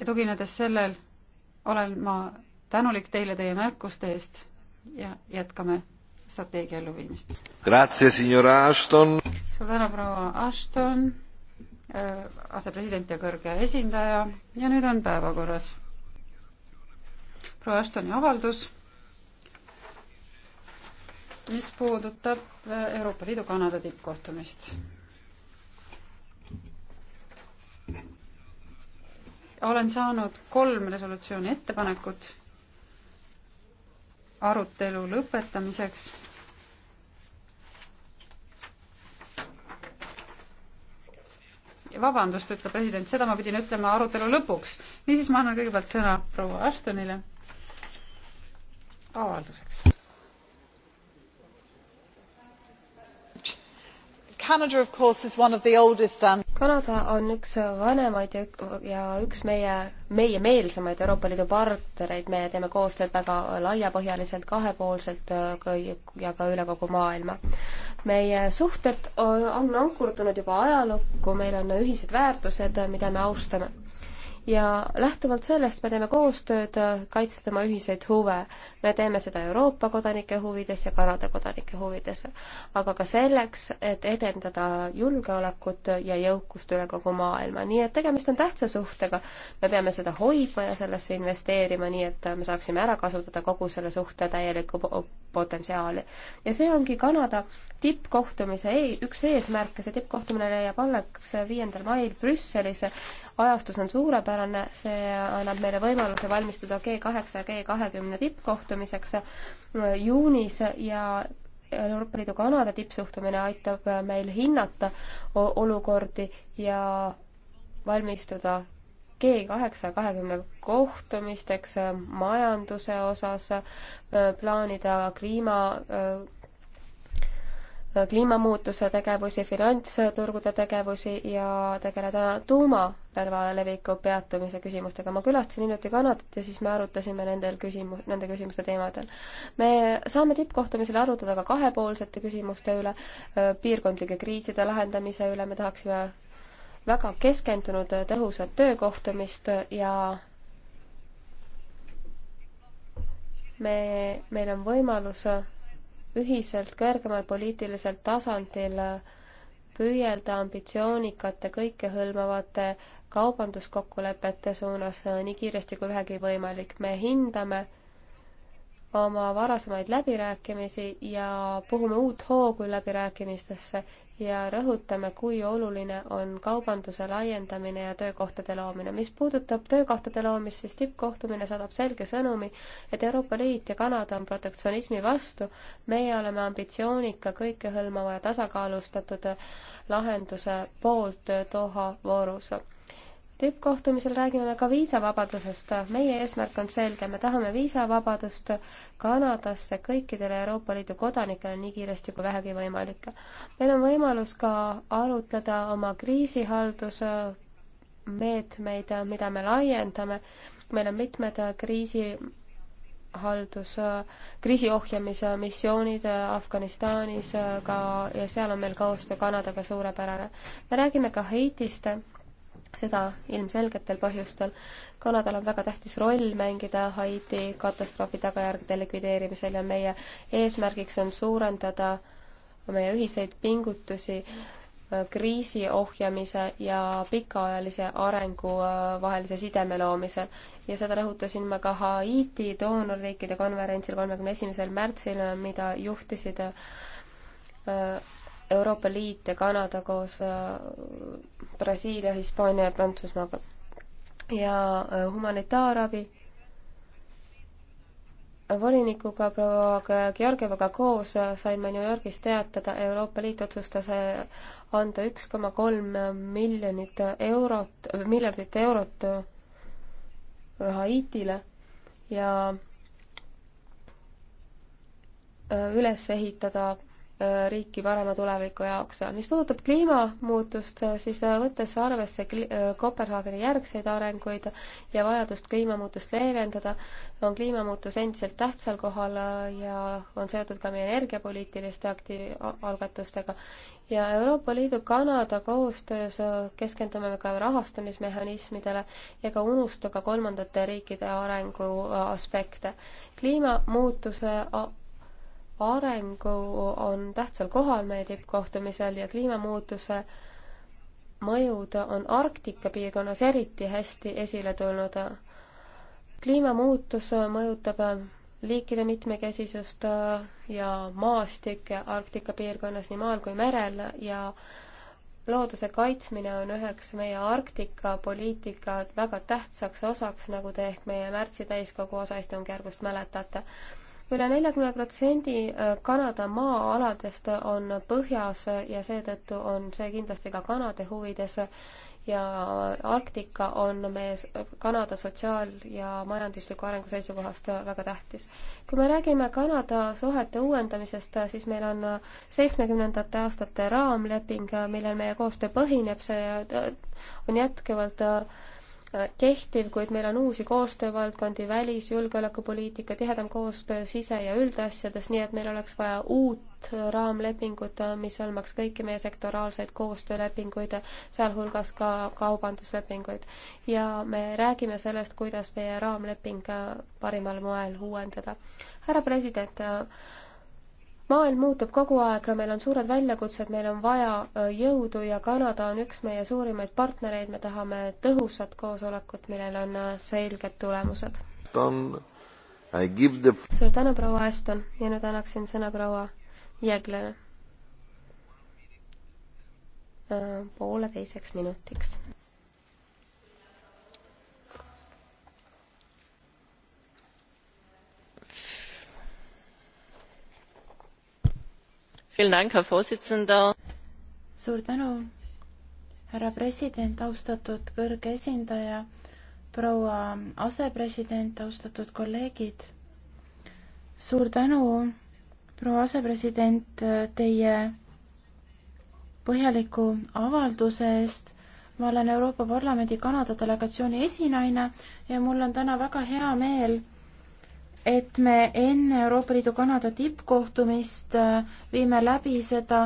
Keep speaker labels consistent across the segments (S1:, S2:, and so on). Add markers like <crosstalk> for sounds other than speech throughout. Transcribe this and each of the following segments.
S1: ja tuginedes sellel olen ma tänulik teile teie märkuste eest ja jätkame strateegia elluviimist. suur tänu, proua Ashton, äh, asepresident ja kõrge esindaja ja nüüd on päevakorras proua Ashtoni avaldus, mis puudutab äh, Euroopa Liidu Kanada tippkohtumist olen saanud kolm resolutsiooni ettepanekut arutelu lõpetamiseks. vabandust, ütleb president, seda ma pidin ütlema arutelu lõpuks. niisiis, ma annan kõigepealt sõna proua Ashtonile avalduseks
S2: Canada, of course, is one of the oldest and Kanada on üks vanemaid ja, ja üks meie, meie meelsamaid Euroopa Liidu partnereid, me teeme koostööd väga laiapõhjaliselt, kahepoolselt äh, ja ka üle kogu maailma. meie suhted on ankurdunud juba ajalukku, meil on ühised väärtused, mida me austame ja lähtuvalt sellest me teeme koostööd, äh, kaitsta tema ühiseid huve. me teeme seda Euroopa kodanike huvides ja Kanada kodanike huvides, aga ka selleks, et edendada julgeolekut ja jõukust üle kogu maailma, nii et tegemist on tähtsa suhtega. me peame seda hoidma ja sellesse investeerima, nii et äh, me saaksime ära kasutada kogu selle suhte täielikku potentsiaali. ja see ongi Kanada tippkohtumise e üks eesmärke, see tippkohtumine leiab alles viiendal mail Brüsselis. ajastus on suurepärane, see annab meile võimaluse valmistuda G kaheksa ja G kahekümne tippkohtumiseks äh, juunis ja Euroopa Liidu Kanada tippsuhtumine aitab meil hinnata olukordi ja valmistuda G kaheksa kahekümne kohtumisteks äh, majanduse osas, äh, plaanida kliima, äh, kliimamuutuse tegevusi, finantsturgude tegevusi ja tegeleda tuumarelva leviku peatumise küsimustega. ma külastasin hiljuti Kanadat ja siis me arutasime nendel küsimus, nende küsimuste teemadel. me saame tippkohtumisel arutada ka kahepoolsete küsimuste üle, piirkondlike kriiside lahendamise üle, me tahaksime väga keskendunud tõhusat töökohtumist ja me, meil on võimalus ühiselt kõrgemal poliitilisel tasandil püüelda ambitsioonikate kõikehõlmavate kaubanduskokkulepete suunas nii kiiresti kui vähegi võimalik. me hindame oma varasemaid läbirääkimisi ja puhume uut hoogu läbirääkimistesse ja rõhutame, kui oluline on kaubanduse laiendamine ja töökohtade loomine. mis puudutab töökohtade loomist, siis tippkohtumine saadab selge sõnumi, et Euroopa Liit ja Kanada on protektsionismi vastu, meie oleme ambitsioonika, kõikehõlmava ja tasakaalustatud lahenduse poolt Doha voorus tippkohtumisel räägime me ka viisavabadusest. meie eesmärk on selge, me tahame viisavabadust Kanadasse kõikidele Euroopa Liidu kodanikele nii kiiresti kui vähegi võimalik. meil on võimalus ka arutleda oma kriisihaldusmeetmeid, mida me laiendame. meil on mitmed kriisi haldus, kriisi ohjamise missioonid Afganistanis ka ja seal on meil koostöö Kanadaga suurepärane. me räägime ka Haitist seda ilmselgetel põhjustel. Kanadal on väga tähtis roll mängida Haiti katastroofi tagajärgede likvideerimisel ja meie eesmärgiks on suurendada meie ühiseid pingutusi äh, kriisi ohjamise ja pikaajalise arengu äh, vahelise sideme loomisel. ja seda rõhutasin ma ka Haiti doonorriikide konverentsil kolmekümne esimesel märtsil, äh, mida juhtisid Euroopa Liit ja Kanada koos äh, Brasiilia, Hispaania ja Prantsusmaaga. ja äh, humanitaarabi volinikuga proua Georgievaga koos äh, saime New Yorgis teatada, Euroopa Liit otsustas anda üks koma kolm miljonit eurot, miljardit eurot Haitile ja üles ehitada riiki parema tuleviku jaoks. mis puudutab kliimamuutust, siis võttes arvesse Kopenhaageni järgseid arenguid ja vajadust kliimamuutust leevendada, on kliimamuutus endiselt tähtsal kohal ja on seotud ka meie energiapoliitiliste aktiiv-, algatustega. ja Euroopa Liidu Kanada koostöös keskendume ka rahastamismehhanismidele ega unusta ka kolmandate riikide arengu aspekte. kliimamuutuse arengu on tähtsal kohal meie tippkohtumisel ja kliimamuutuse mõjud on Arktika piirkonnas eriti hästi esile tulnud. kliimamuutus mõjutab liikide mitmekesisust ja maastikke Arktika piirkonnas nii maal kui merel ja looduse kaitsmine on üheks meie Arktika poliitika väga tähtsaks osaks, nagu te ehk meie märtsi täiskogu osaistungjärgust mäletate üle neljakümne protsendi äh, Kanada maa-aladest on põhjas ja seetõttu on see kindlasti ka Kanada huvides ja Arktika on meie Kanada sotsiaal- ja majandusliku arengu seisukohast väga tähtis. kui me räägime Kanada suhete uuendamisest, siis meil on seitsmekümnendate aastate raamleping, millel meie koostöö põhineb, see äh, on jätkuvalt äh, Äh, kehtiv, kuid meil on uusi koostöövaldkondi, välis-, julgeolekupoliitika, tihedam koostöö sise- ja üldasjades, nii et meil oleks vaja uut raamlepingut, äh, mis hõlmaks kõiki meie sektoraalseid koostöölepinguid, sealhulgas ka kaubanduslepinguid. ja me räägime sellest, kuidas meie raamleping äh, parimal moel uuendada. härra president, maailm muutub kogu aeg, meil on suured väljakutsed, meil on vaja äh, jõudu ja Kanada on üks meie suurimaid partnereid, me tahame tõhusat koosolekut, millel on äh, selged tulemused.
S3: The...
S2: suur tänu, proua Aston ja nüüd annaksin sõna proua Jäglale äh, pooleteiseks minutiks.
S3: herr präsident! suur tänu, härra president, austatud kõrge esindaja, proua asepresident, austatud kolleegid. suur tänu, proua asepresident, teie põhjaliku avalduse eest ma olen Euroopa Parlamendi Kanada delegatsiooni esinaine ja mul on täna väga hea meel et me enne Euroopa Liidu Kanada tippkohtumist äh, viime läbi seda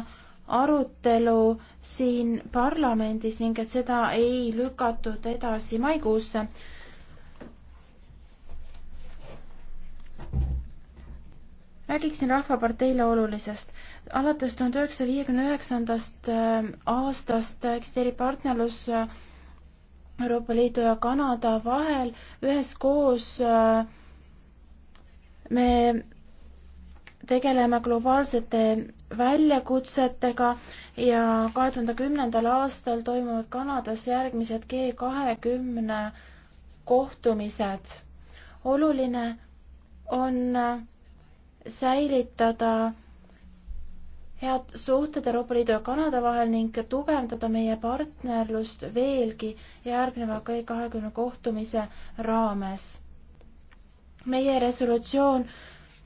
S3: arutelu siin parlamendis ning et seda ei lükatud edasi maikuusse. räägiksin Rahvaparteile olulisest. alates tuhande üheksasaja viiekümne üheksandast äh, aastast eksisteerib partnerlus äh, Euroopa Liidu ja Kanada vahel üheskoos äh, me tegeleme globaalsete väljakutsetega ja kahe tuhande kümnendal aastal toimuvad Kanadas järgmised G kahekümne kohtumised. oluline on säilitada head suhted Euroopa Liidu ja Kanada vahel ning tugevdada meie partnerlust veelgi järgneva G kahekümne kohtumise raames meie resolutsioon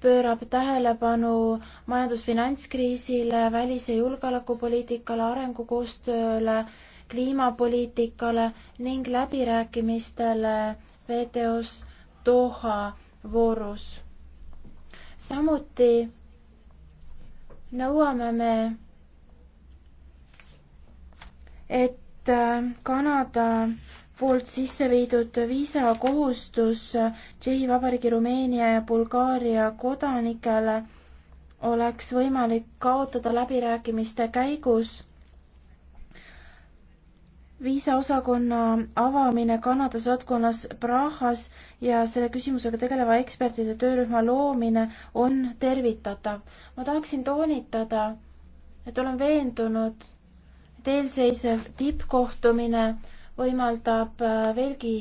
S3: pöörab tähelepanu majandusfinantskriisile, välis- ja julgeolekupoliitikale, arengukoostööle, kliimapoliitikale ning läbirääkimistele WTO-s Doha voorus. samuti nõuame me, et Kanada poolt sisse viidud viisakohustus Tšehhi Vabariigi, Rumeenia ja Bulgaaria kodanikele oleks võimalik kaotada läbirääkimiste käigus. viisaosakonna avamine Kanada saatkonnas Prahas ja selle küsimusega tegeleva ekspertide töörühma loomine on tervitatav. ma tahaksin toonitada, et olen veendunud, et eelseisev tippkohtumine võimaldab äh, veelgi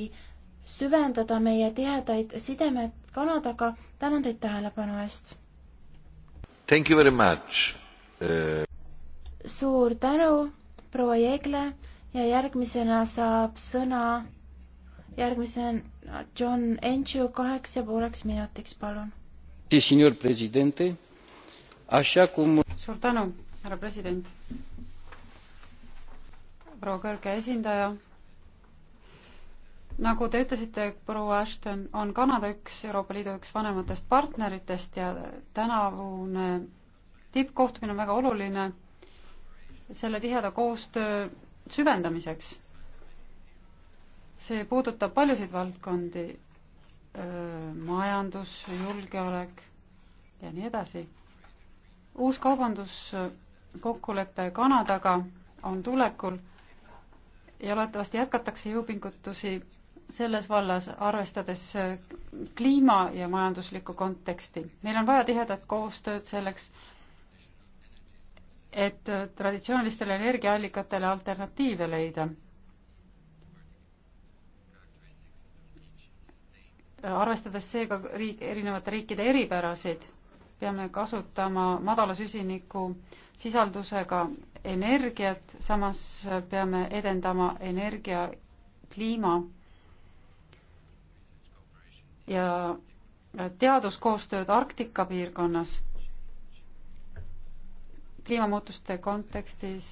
S3: süvendada meie tihedaid sidemed Kanadaga. tänan teid tähelepanu eest. Thank you very much uh.... suur tänu, proua Jeegle ja järgmisena saab sõna järgmisena John Enchu kaheks ja pooleks minutiks, palun. suur tänu, härra president.
S1: proua kõrge esindaja nagu te ütlesite, proua Ashton, on Kanada üks Euroopa Liidu üks vanematest partneritest ja tänavune tippkohtumine on väga oluline selle tiheda koostöö süvendamiseks. see puudutab paljusid valdkondi, majandus, julgeolek ja nii edasi. uus kaubanduskokkulepe Kanadaga on tulekul ja loodetavasti jätkatakse jõupingutusi selles vallas, arvestades äh, kliima ja majanduslikku konteksti. meil on vaja tihedat koostööd selleks, et äh, traditsioonilistele energiaallikatele alternatiive leida. arvestades seega riik, erinevate riikide eripärasid, peame kasutama madala süsiniku sisaldusega energiat, samas äh, peame edendama energia kliima ja teaduskoostööd Arktika piirkonnas kliimamuutuste kontekstis.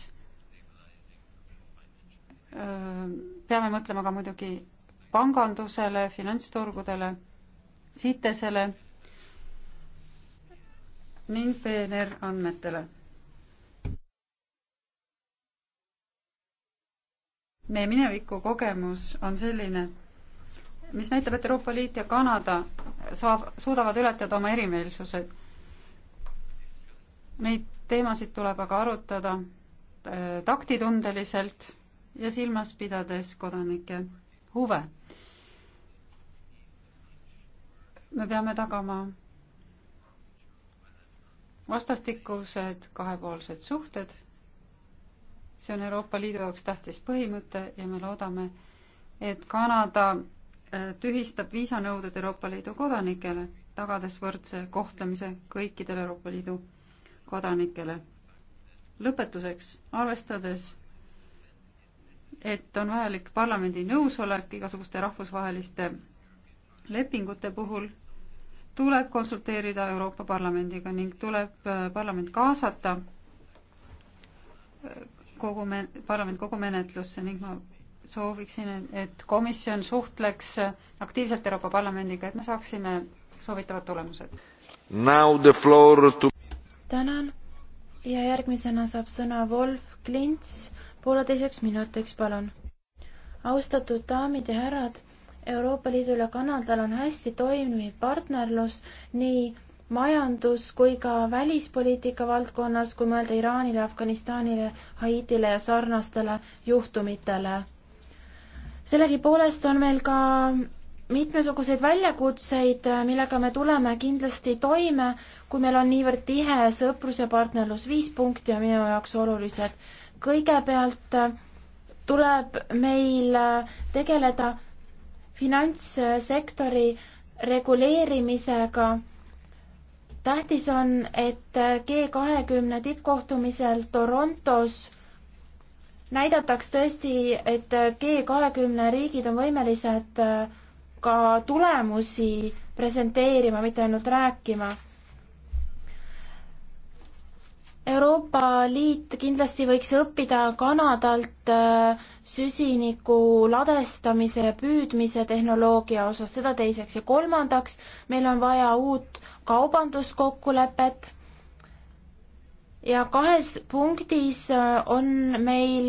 S1: peame mõtlema ka muidugi pangandusele, finantsturgudele, sitesele ning PNR andmetele. meie mineviku kogemus on selline mis näitab, et Euroopa Liit ja Kanada saab, suudavad ületada oma erimeelsused. Neid teemasid tuleb aga arutada äh, taktitundeliselt ja silmas pidades kodanike huve. me peame tagama vastastikused kahepoolsed suhted. see on Euroopa Liidu jaoks tähtis põhimõte ja me loodame, et Kanada Äh, tühistab viisanõuded Euroopa Liidu kodanikele, tagades võrdse kohtlemise kõikidele Euroopa Liidu kodanikele. lõpetuseks, arvestades, et on vajalik parlamendi nõusolek igasuguste rahvusvaheliste lepingute puhul, tuleb konsulteerida Euroopa Parlamendiga ning tuleb äh, parlament kaasata äh, kogu men-, parlament kogu menetlusse ning ma sooviksin, et komisjon suhtleks aktiivselt Euroopa Parlamendiga, et me saaksime soovitavad tulemused. To...
S3: tänan ja järgmisena saab sõna Wolf Klints pooleteiseks minutiks, palun. austatud daamid ja härrad, Euroopa Liidul ja Kanadal on hästi toimiv partnerlus nii majandus kui ka välispoliitika valdkonnas, kui mõelda Iraanile, Afganistanile, Haitile ja sarnastele juhtumitele sellegipoolest on meil ka mitmesuguseid väljakutseid, millega me tuleme kindlasti toime, kui meil on niivõrd tihe sõprus ja partnerlus. viis punkti on minu jaoks olulised. kõigepealt tuleb meil tegeleda finantssektori reguleerimisega. tähtis on, et G kahekümne tippkohtumisel Torontos näidataks tõesti, et G kahekümne riigid on võimelised äh, ka tulemusi presenteerima, mitte ainult rääkima. Euroopa Liit kindlasti võiks õppida Kanadalt äh, süsiniku ladestamise ja püüdmise tehnoloogia osas, seda teiseks. ja kolmandaks, meil on vaja uut kaubanduskokkulepet ja kahes punktis äh, on meil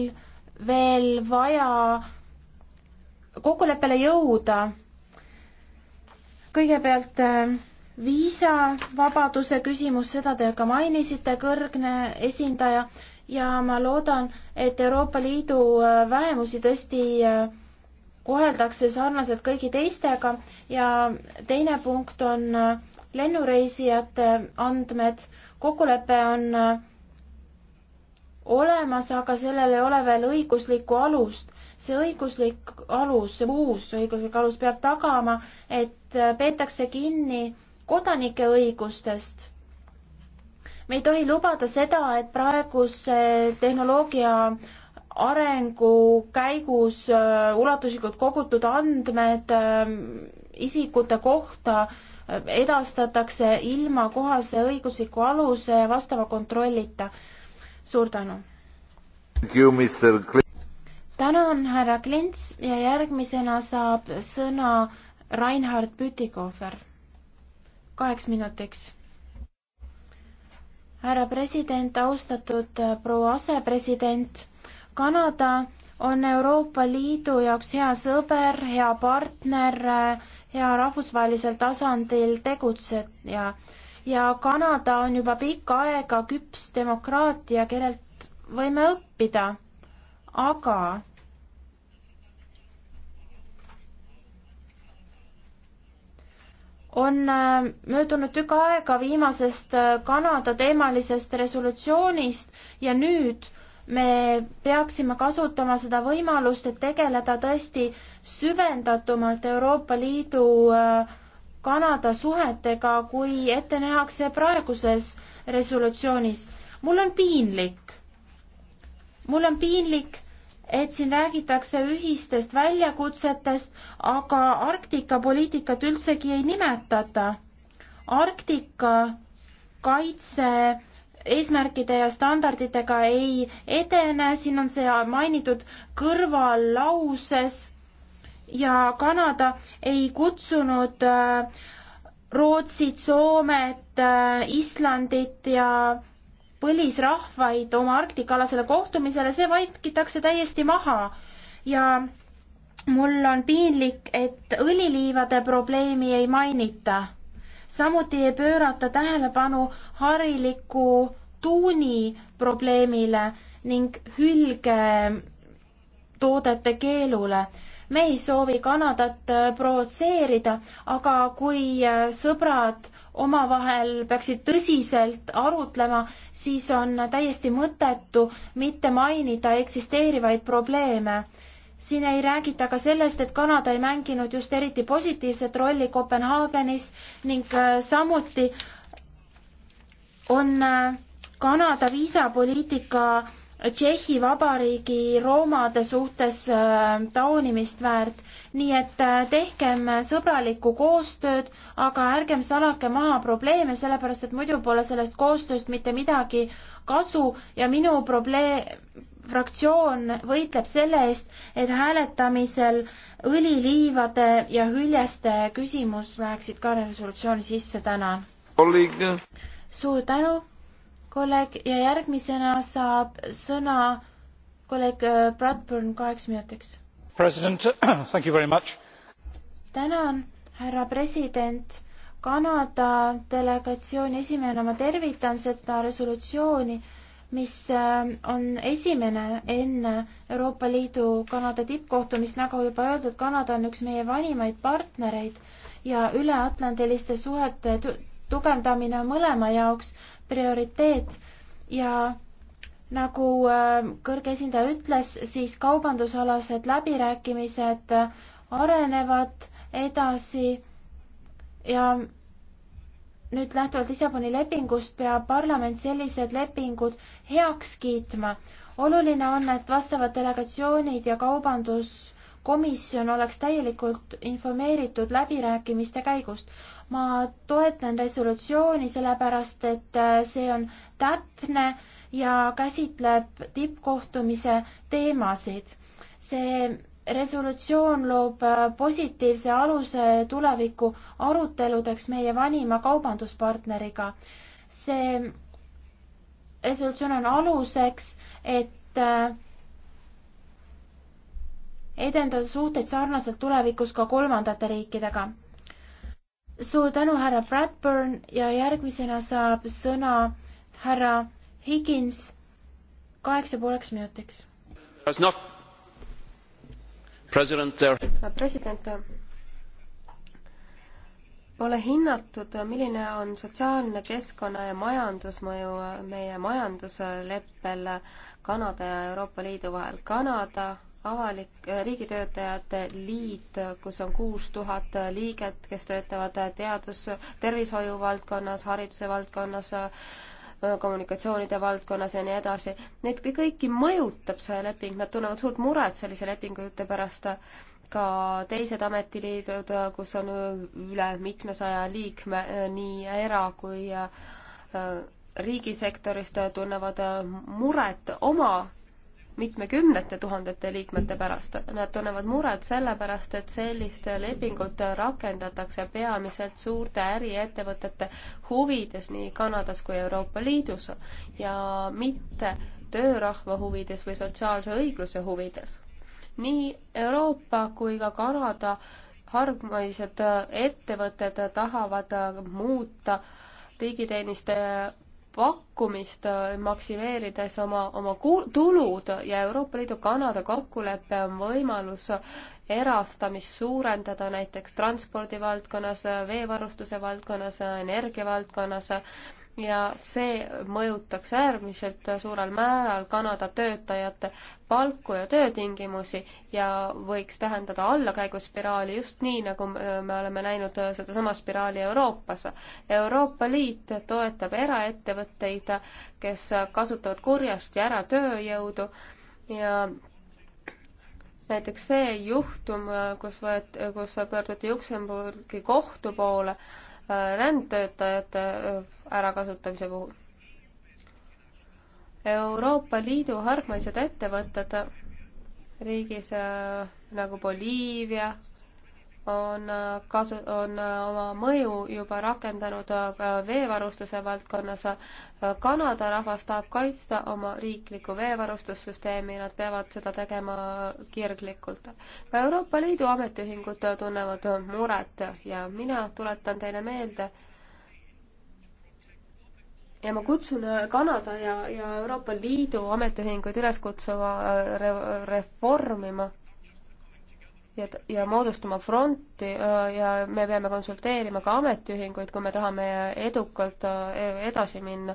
S3: veel vaja kokkuleppele jõuda. kõigepealt äh, viisavabaduse küsimus, seda te ka mainisite, kõrgne esindaja, ja ma loodan, et Euroopa Liidu äh, vähemusi tõesti koheldakse sarnaselt kõigi teistega ja teine punkt on lennureisijate andmed kokkulepe on äh, olemas, aga sellel ei ole veel õiguslikku alust. see õiguslik alus, see uus õiguslik alus peab tagama, et äh, peetakse kinni kodanike õigustest. me ei tohi lubada seda, et praeguse tehnoloogia arengu käigus äh, ulatuslikult kogutud andmed isikute kohta äh, edastatakse ilma kohase õigusliku aluse ja vastava kontrollita. suur tänu! tänan, härra Klints ja järgmisena saab sõna Reinhard Pütikofer kaheks minutiks. härra president, austatud äh, proua asepresident, Kanada on Euroopa Liidu jaoks hea sõber, hea partner äh, ja rahvusvahelisel tasandil tegutseja ja Kanada on juba pikka aega küps demokraatia, kellelt võime õppida, aga on äh, möödunud tükk aega viimasest äh, Kanada teemalisest resolutsioonist ja nüüd me peaksime kasutama seda võimalust, et tegeleda tõesti süvendatumalt Euroopa Liidu äh, Kanada suhetega, kui ette nähakse praeguses resolutsioonis. mul on piinlik. mul on piinlik, et siin räägitakse ühistest väljakutsetest, aga Arktika poliitikat üldsegi ei nimetata. Arktika kaitse eesmärkide ja standarditega ei edene, siin on see mainitud kõrvallauses ja Kanada ei kutsunud äh, Rootsit, Soomet, äh, Islandit ja põlisrahvaid oma Arktika-alasele kohtumisele, see vaikitakse täiesti maha ja mul on piinlik, et õliliivade probleemi ei mainita samuti ei pöörata tähelepanu hariliku tuuni probleemile ning hülgetoodete keelule. me ei soovi Kanadat äh, provotseerida, aga kui äh, sõbrad omavahel peaksid tõsiselt arutlema, siis on täiesti mõttetu mitte mainida eksisteerivaid probleeme siin ei räägita ka sellest, et Kanada ei mänginud just eriti positiivset rolli Kopenhaagenis ning äh, samuti on äh, Kanada viisapoliitika Tšehhi Vabariigi roomade suhtes äh, taunimist väärt, nii et tehkem sõbralikku koostööd, aga ärgem salake maha probleeme, sellepärast et muidu pole sellest koostööst mitte midagi kasu ja minu probleem, fraktsioon võitleb selle eest, et hääletamisel õliliivade ja hüljeste küsimus läheksid ka resolutsiooni sisse, tänan. suur tänu, kolleeg, ja järgmisena saab sõna kolleeg äh, Bradburn kaheks minutiks. president, <clears throat> thank you very much. tänan, härra president. Kanada delegatsiooni esimehena ma tervitan seda resolutsiooni mis äh, on esimene enne Euroopa Liidu Kanada tippkohtumist, nagu juba öeldud, Kanada on üks meie vanimaid partnereid ja üleatlandiliste suhete tugevdamine on mõlema jaoks prioriteet ja nagu äh, kõrge esindaja ütles, siis kaubandusalased läbirääkimised arenevad edasi ja nüüd lähtuvalt Lissaboni lepingust peab parlament sellised lepingud heaks kiitma. oluline on, et vastavad delegatsioonid ja kaubanduskomisjon oleks täielikult informeeritud läbirääkimiste käigust. ma toetan resolutsiooni, sellepärast et äh, see on täpne ja käsitleb tippkohtumise teemasid. see resolutsioon loob äh, positiivse aluse tuleviku aruteludeks meie vanima kaubanduspartneriga. see resolutsioon on aluseks, et äh, edendada suhteid sarnaselt tulevikus ka kolmandate riikidega. suur tänu, härra Bradburn ja järgmisena saab sõna härra Higins kaheksa pooleks minutiks
S1: president,
S2: president, pole hinnatud, milline on sotsiaalne keskkonna ja majandusmõju meie majandusleppel Kanada ja Euroopa Liidu vahel. Kanada avalik, riigitöötajate liit, kus on kuus tuhat liiget, kes töötavad teadus, tervishoiu valdkonnas, hariduse valdkonnas, kommunikatsioonide valdkonnas ja nii edasi. Neid kõiki mõjutab see leping, nad tunnevad suurt muret sellise lepingute pärast. ka teised ametiliidud, kus on üle mitmesaja liikme nii era- kui riigisektorist, tunnevad muret oma mitmekümnete tuhandete liikmete pärast. Nad tunnevad muret sellepärast, et sellist lepingut rakendatakse peamiselt suurte äriettevõtete huvides nii Kanadas kui Euroopa Liidus ja mitte töörahva huvides või sotsiaalse õigluse huvides. nii Euroopa kui ka Kanada hargmaised ettevõtted tahavad muuta riigiteenistaja pakkumist äh, maksimeerides oma, oma tulud ja Euroopa Liidu Kanada kokkulepe on võimalus erastamist suurendada näiteks transpordivaldkonnas, veevarustuse valdkonnas, energiavaldkonnas ja see mõjutaks äärmiselt suurel määral Kanada töötajate palku ja töötingimusi ja võiks tähendada allakäiguspiraali just nii, nagu me oleme näinud sedasama spiraali Euroopas. Euroopa Liit toetab eraettevõtteid, kes kasutavad kurjasti ära tööjõudu ja näiteks see juhtum, kus võet-, kus pöörduti Luksemburgi kohtu poole, rändtöötajate äh, ärakasutamise puhul. Euroopa Liidu hargmaised ettevõtted riigis äh, nagu Boliivia, on kasu, on oma mõju juba rakendanud veevarustuse valdkonnas. Kanada rahvas tahab kaitsta oma riiklikku veevarustussüsteemi, nad peavad seda tegema kirglikult. ka Euroopa Liidu ametiühingud tunnevad muret ja mina tuletan teile meelde, ja ma kutsun Kanada ja, ja Euroopa Liidu ametiühinguid üles kutsuma re reformima ja, ja moodustama fronti äh, ja me peame konsulteerima ka ametiühinguid, kui me tahame edukalt äh, edasi minna,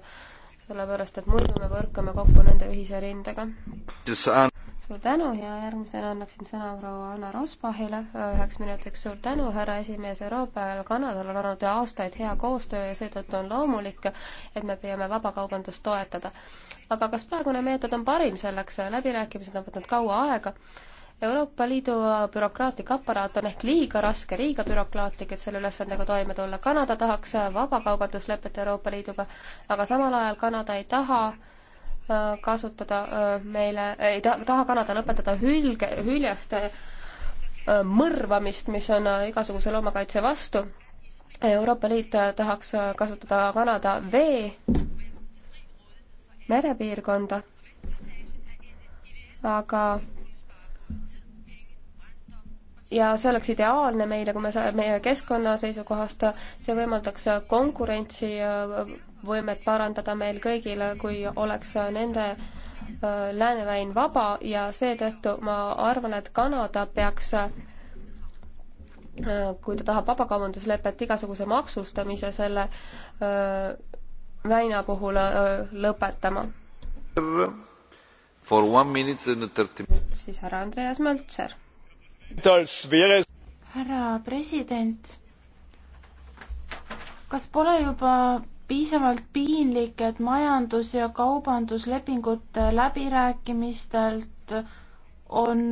S2: sellepärast et muidu me põrkame kokku nende ühise rindega. suur tänu ja järgmisena annaksin sõna proua Anna Rosbachile äh, üheks minutiks. suur tänu, härra esimees, Euroopa ja Kanadal on olnud aastaid hea koostöö ja seetõttu on loomulik, et me püüame vabakaubandust toetada. aga kas praegune meetod on parim selleks, läbirääkimised on võtnud kaua aega Euroopa Liidu bürokraatlik aparaat on ehk liiga raske, liiga bürokraatlik, et selle ülesandega toime tulla. Kanada tahaks vabakaubanduslepet Euroopa Liiduga, aga samal ajal Kanada ei taha äh, kasutada äh, meile, ei taha Kanada lõpetada hülge, hüljaste äh, mõrvamist, mis on igasuguse loomakaitse vastu. Euroopa Liit tahaks kasutada Kanada vee merepiirkonda, aga ja see oleks ideaalne meile, kui me saa-, meie keskkonna seisukohast, see võimaldaks konkurentsivõimet äh, parandada meil kõigil, kui oleks nende äh, lääneväin vaba ja seetõttu ma arvan, et Kanada peaks äh, kui ta tahab vabakaubanduslepet igasuguse maksustamise selle öö, väina puhul öö, lõpetama.
S3: siis härra Andreas Möltser härra president, kas pole juba piisavalt piinlik, et majandus- ja kaubanduslepingute läbirääkimistelt on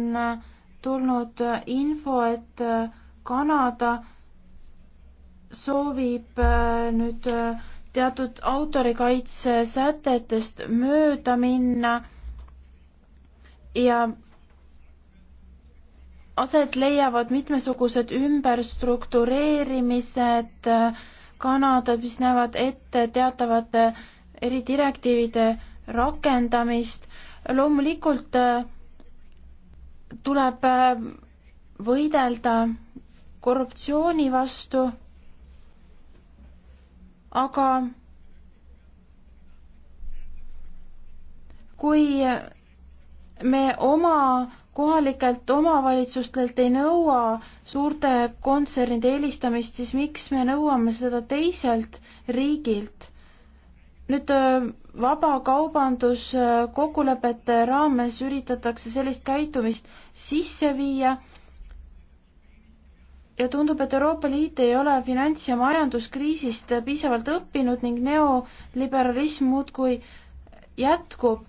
S3: tulnud info, et Kanada soovib äh, nüüd äh, teatud autorikaitsesätetest mööda minna ja aset leiavad mitmesugused ümberstruktureerimised Kanadad, mis näevad ette teatavate eridirektiivide rakendamist. loomulikult äh, tuleb äh, võidelda korruptsiooni vastu, aga kui me oma kohalikelt omavalitsustelt ei nõua suurte kontsernide eelistamist, siis miks me nõuame seda teiselt riigilt? nüüd äh, vabakaubanduskokkulepete raames üritatakse sellist käitumist sisse viia ja tundub, et Euroopa Liit ei ole finants- ja majanduskriisist piisavalt õppinud ning neoliberalism muudkui jätkub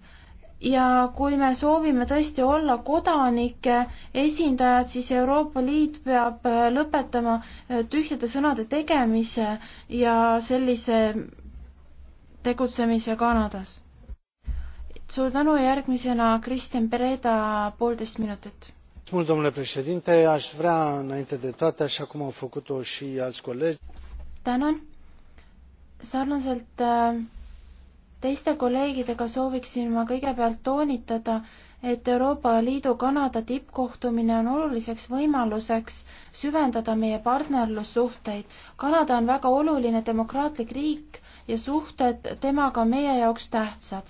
S3: ja kui me soovime tõesti olla kodanike esindajad, siis Euroopa Liit peab äh, lõpetama äh, tühjade sõnade tegemise ja sellise tegutsemise Kanadas. suur tänu, järgmisena Kristjan Pereda, poolteist minutit. domnule președinte, aș vrea înainte de toate, așa cum au făcut-o și alți colegi. tänan. sarnaselt äh, teiste kolleegidega sooviksin ma kõigepealt toonitada, et Euroopa Liidu Kanada tippkohtumine on oluliseks võimaluseks süvendada meie partnerlussuhteid. Kanada on väga oluline demokraatlik riik ja suhted temaga on meie jaoks tähtsad.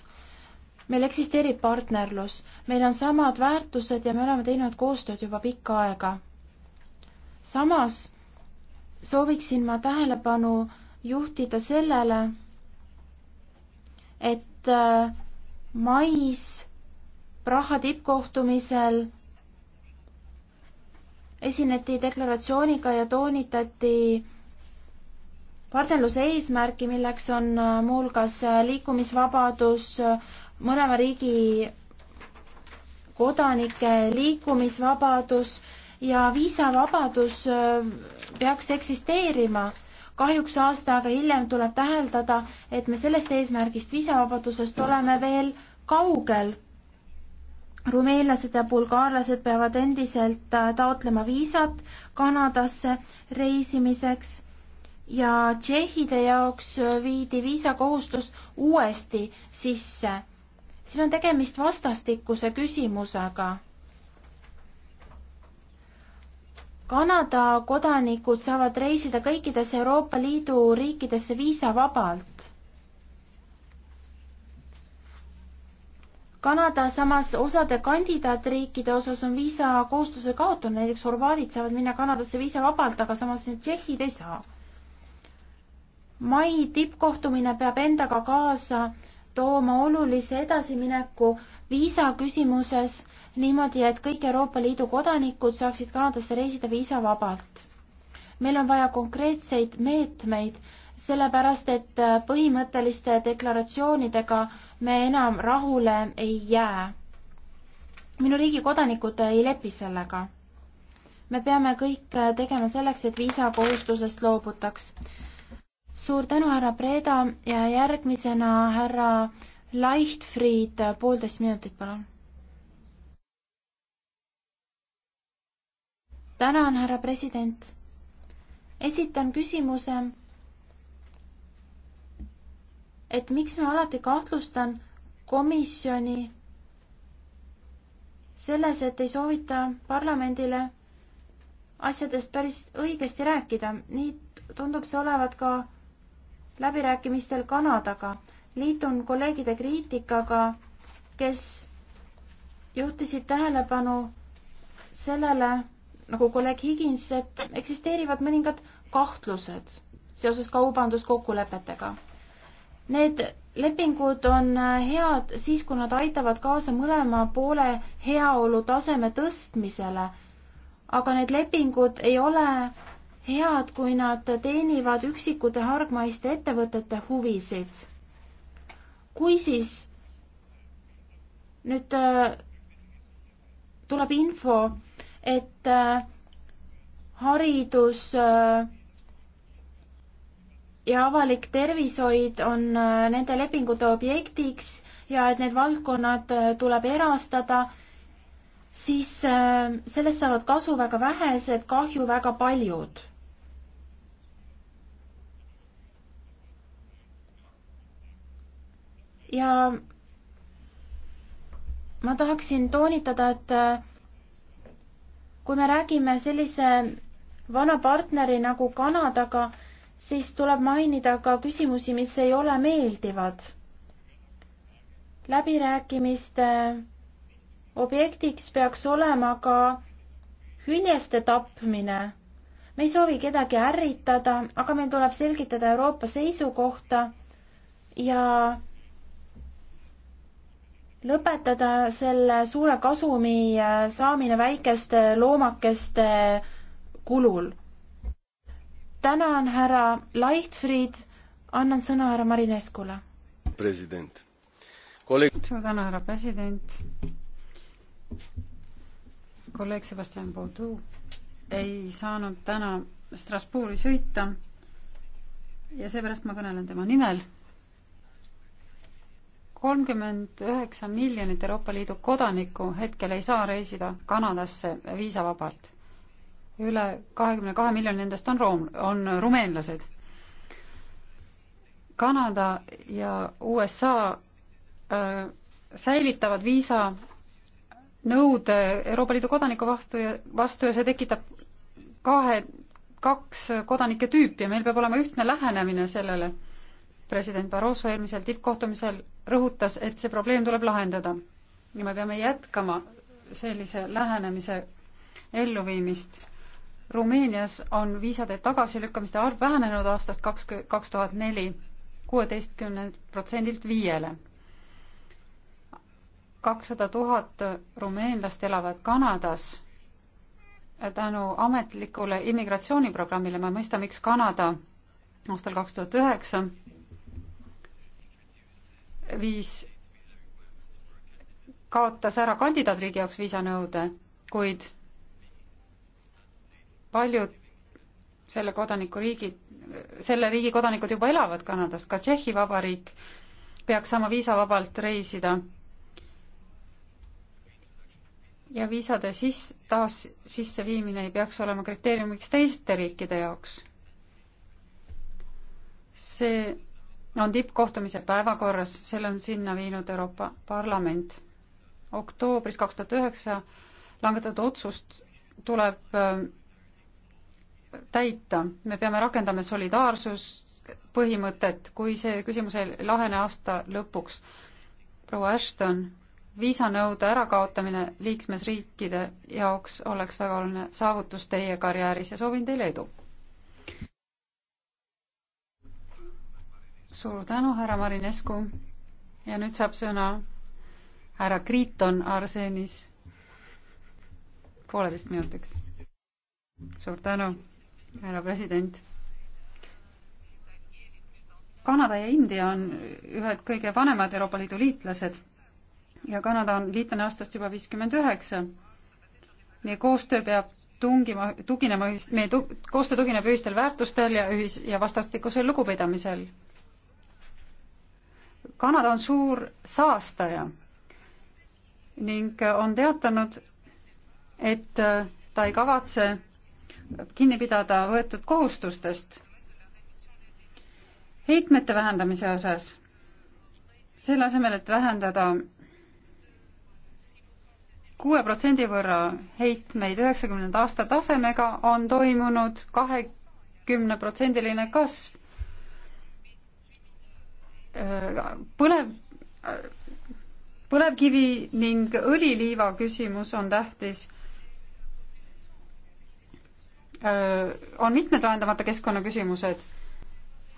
S3: meil eksisteerib partnerlus, meil on samad väärtused ja me oleme teinud koostööd juba pikka aega. samas sooviksin ma tähelepanu juhtida sellele, et äh, mais Praha tippkohtumisel esineti deklaratsiooniga ja toonitati partnerluse eesmärki, milleks on äh, muuhulgas äh, liikumisvabadus, mõlema riigi kodanike liikumisvabadus ja viisavabadus peaks eksisteerima kahjuks aasta aega hiljem tuleb täheldada, et me sellest eesmärgist viisavabadusest oleme veel kaugel. rumeenlased ja bulgaarlased peavad endiselt äh, taotlema viisat Kanadasse reisimiseks ja tšehhide jaoks äh, viidi viisakohustus uuesti sisse. siin on tegemist vastastikuse küsimusega Kanada kodanikud saavad reisida kõikides Euroopa Liidu riikidesse viisavabalt. Kanada samas osade kandidaatriikide osas on viisakohustuse kaotanud, näiteks horvaadid saavad minna Kanadasse viisavabalt, aga samas nüüd tšehhid ei saa. mai tippkohtumine peab endaga kaasa tooma olulise edasimineku viisaküsimuses niimoodi, et kõik Euroopa Liidu kodanikud saaksid Kanadasse reisida viisavabalt. meil on vaja konkreetseid meetmeid, sellepärast et äh, põhimõtteliste deklaratsioonidega me enam rahule ei jää. minu riigi kodanikud äh, ei lepi sellega. me peame kõik äh, tegema selleks, et viisakohustusest loobutaks. suur tänu, härra Breda ja järgmisena härra Leichtfried, poolteist minutit, palun tänan, härra president. esitan küsimuse, et miks ma alati kahtlustan komisjoni selles, et ei soovita parlamendile asjadest päris õigesti rääkida. nii tundub see olevat ka läbirääkimistel Kanadaga. liitun kolleegide kriitikaga, kes juhtisid tähelepanu sellele, nagu kolleeg Higins, et eksisteerivad mõningad kahtlused seoses kaubanduskokkulepetega. Need lepingud on head siis, kui nad aitavad kaasa mõlema poole heaolu taseme tõstmisele, aga need lepingud ei ole head, kui nad teenivad üksikute hargmaiste ettevõtete huvisid. kui siis nüüd äh, tuleb info et äh, haridus äh, ja avalik tervishoid on äh, nende lepingute objektiks ja et need valdkonnad tuleb erastada, siis sellest saavad kasu väga vähesed, kahju väga paljud ja ma tahaksin toonitada, et kui me räägime sellise vana partneri nagu Kanadaga, siis tuleb mainida ka küsimusi, mis ei ole meeldivad. läbirääkimiste objektiks peaks olema ka hüljeste tapmine. me ei soovi kedagi ärritada, aga meil tuleb selgitada Euroopa seisukohta ja lõpetada selle suure kasumi äh, saamine väikeste loomakeste kulul. tänan, härra Leichtfried, annan sõna härra Marineskule.
S2: president. suur
S3: tänu, härra president.
S1: kolleeg Sebastian Baudou ei saanud täna Strasbourgi sõita ja seepärast ma kõnelen tema nimel kolmkümmend üheksa miljonit Euroopa Liidu kodanikku hetkel ei saa reisida Kanadasse viisavabalt. üle kahekümne kahe miljoni nendest on room-, on rumeenlased. Kanada ja USA äh, säilitavad viisa nõude Euroopa Liidu kodaniku vastu ja, vastu ja see tekitab kahe, kaks kodanike tüüpi ja meil peab olema ühtne lähenemine sellele president Barroso eelmisel tippkohtumisel rõhutas, et see probleem tuleb lahendada ja me peame jätkama sellise lähenemise elluviimist. Rumeenias on viisade tagasilükkamiste arv vähenenud aastast kaks, kaks tuhat neli kuueteistkümnelt protsendilt viiele. kakssada tuhat rumeenlast elavad Kanadas tänu ametlikule immigratsiooniprogrammile, ma ei mõista, miks Kanada aastal kaks tuhat üheksa viis kaotas ära kandidaatriigi jaoks viisanõude, kuid paljud selle kodaniku riigid, selle riigi kodanikud juba elavad Kanadas, ka Tšehhi Vabariik peaks saama viisavabalt reisida. ja viisade siis, taas sisseviimine ei peaks olema kriteeriumiks teiste riikide jaoks. see on tippkohtumise päevakorras, selle on sinna viinud Euroopa Parlament. oktoobris kaks tuhat üheksa langetatud otsust tuleb äh, täita, me peame rakendama solidaarsuspõhimõtet, kui see küsimus ei lahene aasta lõpuks. proua Ashton, viisanõude ärakaotamine liikmesriikide jaoks oleks väga oluline saavutus teie karjääris ja soovin teile edu! suur tänu, härra Marinescu. ja nüüd saab sõna härra Kriiton Arsenis pooleteist minutiks. suur tänu, härra president. Kanada ja India on ühed kõige vanemad Euroopa Liidu liitlased ja Kanada on liitlane aastast juba viiskümmend üheksa. meie koostöö peab tungima, tuginema ühist, meie tu-, koostöö tugineb ühistel väärtustel ja ühis- ja vastastikusel lugupidamisel. Kanada on suur saastaja ning on teatanud, et ta ei kavatse kinni pidada võetud kohustustest heitmete vähendamise osas, selle asemel, et vähendada kuue protsendi võrra heitmeid üheksakümnenda aasta tasemega, on toimunud kahekümneprotsendiline kasv Äh, põlev, põlevkivi ning õliliiva küsimus on tähtis. Äh, on mitmed lahendamata keskkonnaküsimused.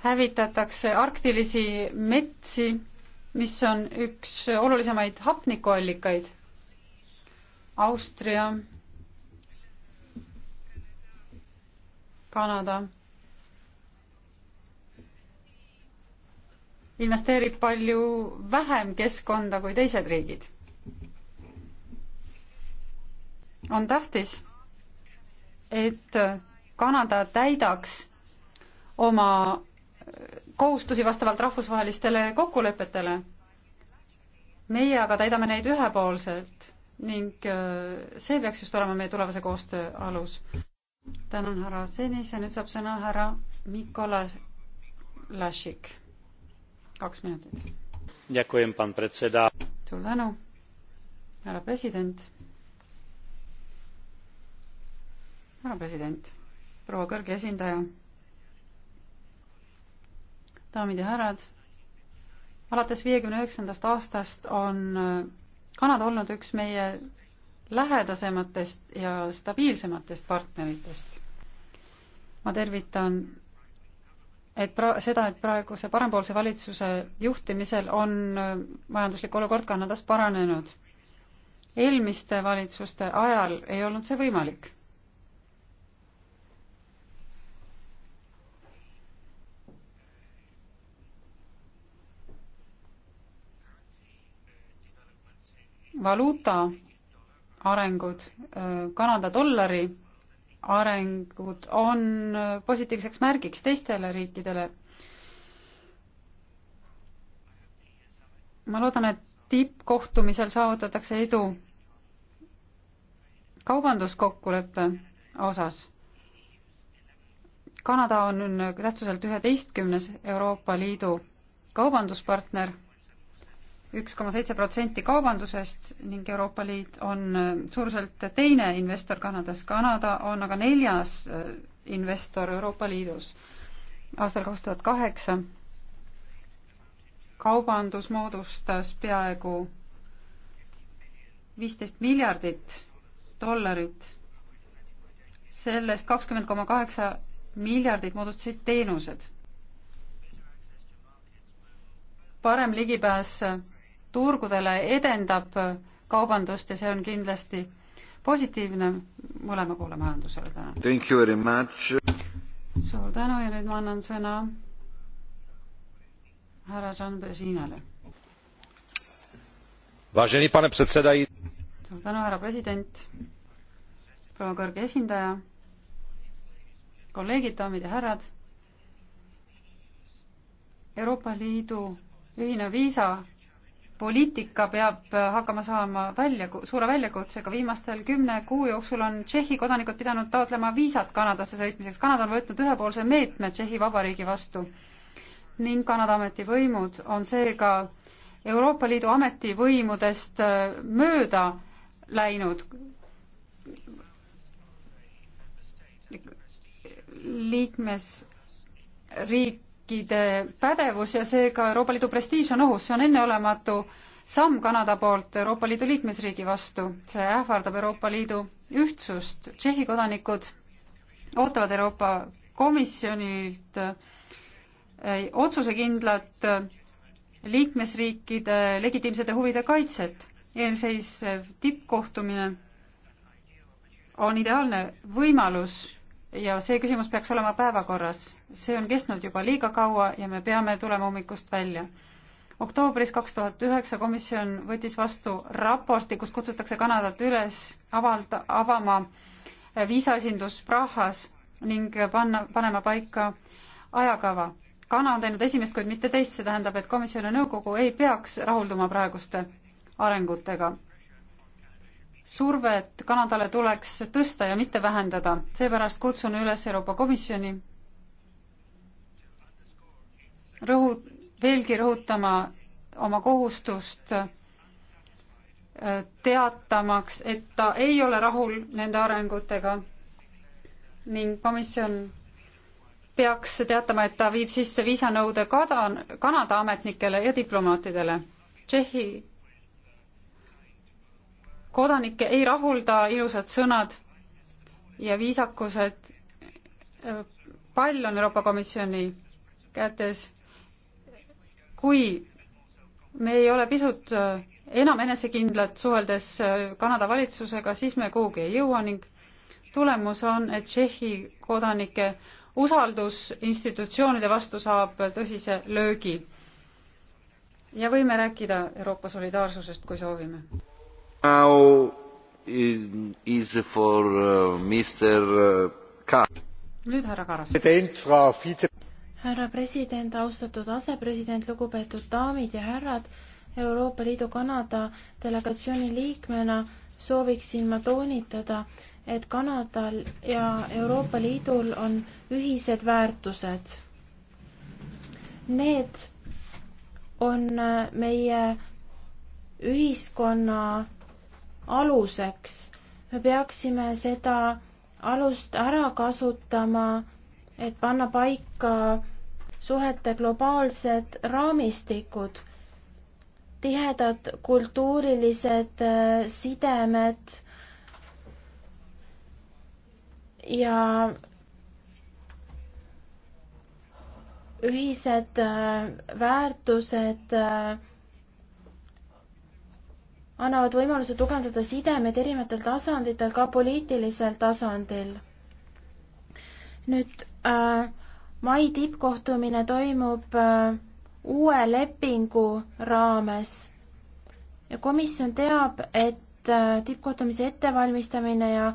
S1: hävitatakse arktilisi metsi, mis on üks olulisemaid hapnikuallikaid. Austria, Kanada investeerib palju vähem keskkonda kui teised riigid. on tähtis, et Kanada täidaks oma kohustusi vastavalt rahvusvahelistele kokkulepetele. meie aga täidame neid ühepoolselt ning äh, see peaks just olema meie tulevase koostöö alus. tänan härra Senis ja nüüd saab sõna härra Mikola Lašik kaks minutit. suur tänu, härra president. härra president, proua kõrge esindaja, daamid ja härrad, alates viiekümne üheksandast aastast on äh, Kanada olnud üks meie lähedasematest ja stabiilsematest partneritest. ma tervitan et pra-, seda, et praeguse parempoolse valitsuse juhtimisel on äh, majanduslik olukord Kanadas paranenud. eelmiste valitsuste ajal ei olnud see võimalik. valuuta arengud, äh, Kanada dollari arengud on positiivseks märgiks teistele riikidele. ma loodan, et tippkohtumisel saavutatakse edu kaubanduskokkuleppe osas. Kanada on tähtsuselt üheteistkümnes Euroopa Liidu kaubanduspartner üks koma seitse protsenti kaubandusest ning Euroopa Liit on äh, suuruselt teine investor Kanadas. Kanada on aga neljas äh, investor Euroopa Liidus. aastal kaks tuhat kaheksa kaubandus moodustas peaaegu viisteist miljardit dollarit, sellest kakskümmend koma kaheksa miljardit moodustasid teenused. parem ligipääs turgudele, edendab kaubandust ja see on kindlasti positiivne mõlema poole majandusele
S3: täna.
S1: suur tänu ja nüüd ma annan sõna härra Žanbrežinale. suur tänu, härra president, proua kõrge esindaja, kolleegid, daamid ja härrad Euroopa Liidu ühine viisa poliitika peab hakkama saama välja, suure väljakutsega. viimastel kümne kuu jooksul on Tšehhi kodanikud pidanud taotlema viisat Kanadasse sõitmiseks. Kanada on võtnud ühepoolse meetme Tšehhi Vabariigi vastu ning Kanada ametivõimud on seega Euroopa Liidu ametivõimudest äh, mööda läinud. liikmesriik riikide pädevus ja seega Euroopa Liidu prestiiž on ohus, see on enneolematu samm Kanada poolt Euroopa Liidu liikmesriigi vastu, see ähvardab Euroopa Liidu ühtsust, Tšehhi kodanikud ootavad Euroopa Komisjonilt eh, otsusekindlat eh, liikmesriikide legitiimsete huvide kaitset. eelseisev tippkohtumine on ideaalne võimalus ja see küsimus peaks olema päevakorras. see on kestnud juba liiga kaua ja me peame tulema ummikust välja. oktoobris kaks tuhat üheksa komisjon võttis vastu raporti, kus kutsutakse Kanadat üles avalda, avama viisaesindus Prahas ning panna, panema paika ajakava. Kana on teinud esimest, kuid mitte teist, see tähendab, et komisjon ja nõukogu ei peaks rahulduma praeguste arengutega survet Kanadale tuleks tõsta ja mitte vähendada. seepärast kutsun üles Euroopa Komisjoni rõhu, veelgi rõhutama oma kohustust äh, teatamaks, et ta ei ole rahul nende arengutega ning komisjon peaks teatama, et ta viib sisse viisanõude kada-, Kanada ametnikele ja diplomaatidele. Tšehhi kodanikke ei rahulda ilusad sõnad ja viisakused. pall on Euroopa Komisjoni kätes. kui me ei ole pisut äh, enam enesekindlad suheldes äh, Kanada valitsusega, siis me kuhugi ei jõua ning tulemus on, et Tšehhi kodanike usaldus institutsioonide vastu saab tõsise löögi. ja võime rääkida Euroopa solidaarsusest, kui soovime.
S3: Now eh, is for eh, Mr eh, Ka-. nüüd härra Karas. härra president, austatud asepresident, lugupeetud daamid ja härrad, Euroopa Liidu Kanada delegatsiooni liikmena sooviksin ma toonitada, et Kanadal ja Euroopa Liidul on ühised väärtused. Need on meie ühiskonna aluseks. me peaksime seda alust ära kasutama, et panna paika suhete globaalsed raamistikud, tihedad kultuurilised äh, sidemed ja ühised äh, väärtused äh, annavad võimaluse tugevdada sidemed erinevatel tasanditel, ka poliitilisel tasandil. nüüd äh, mai tippkohtumine toimub äh, uue lepingu raames ja komisjon teab, et äh, tippkohtumise ettevalmistamine ja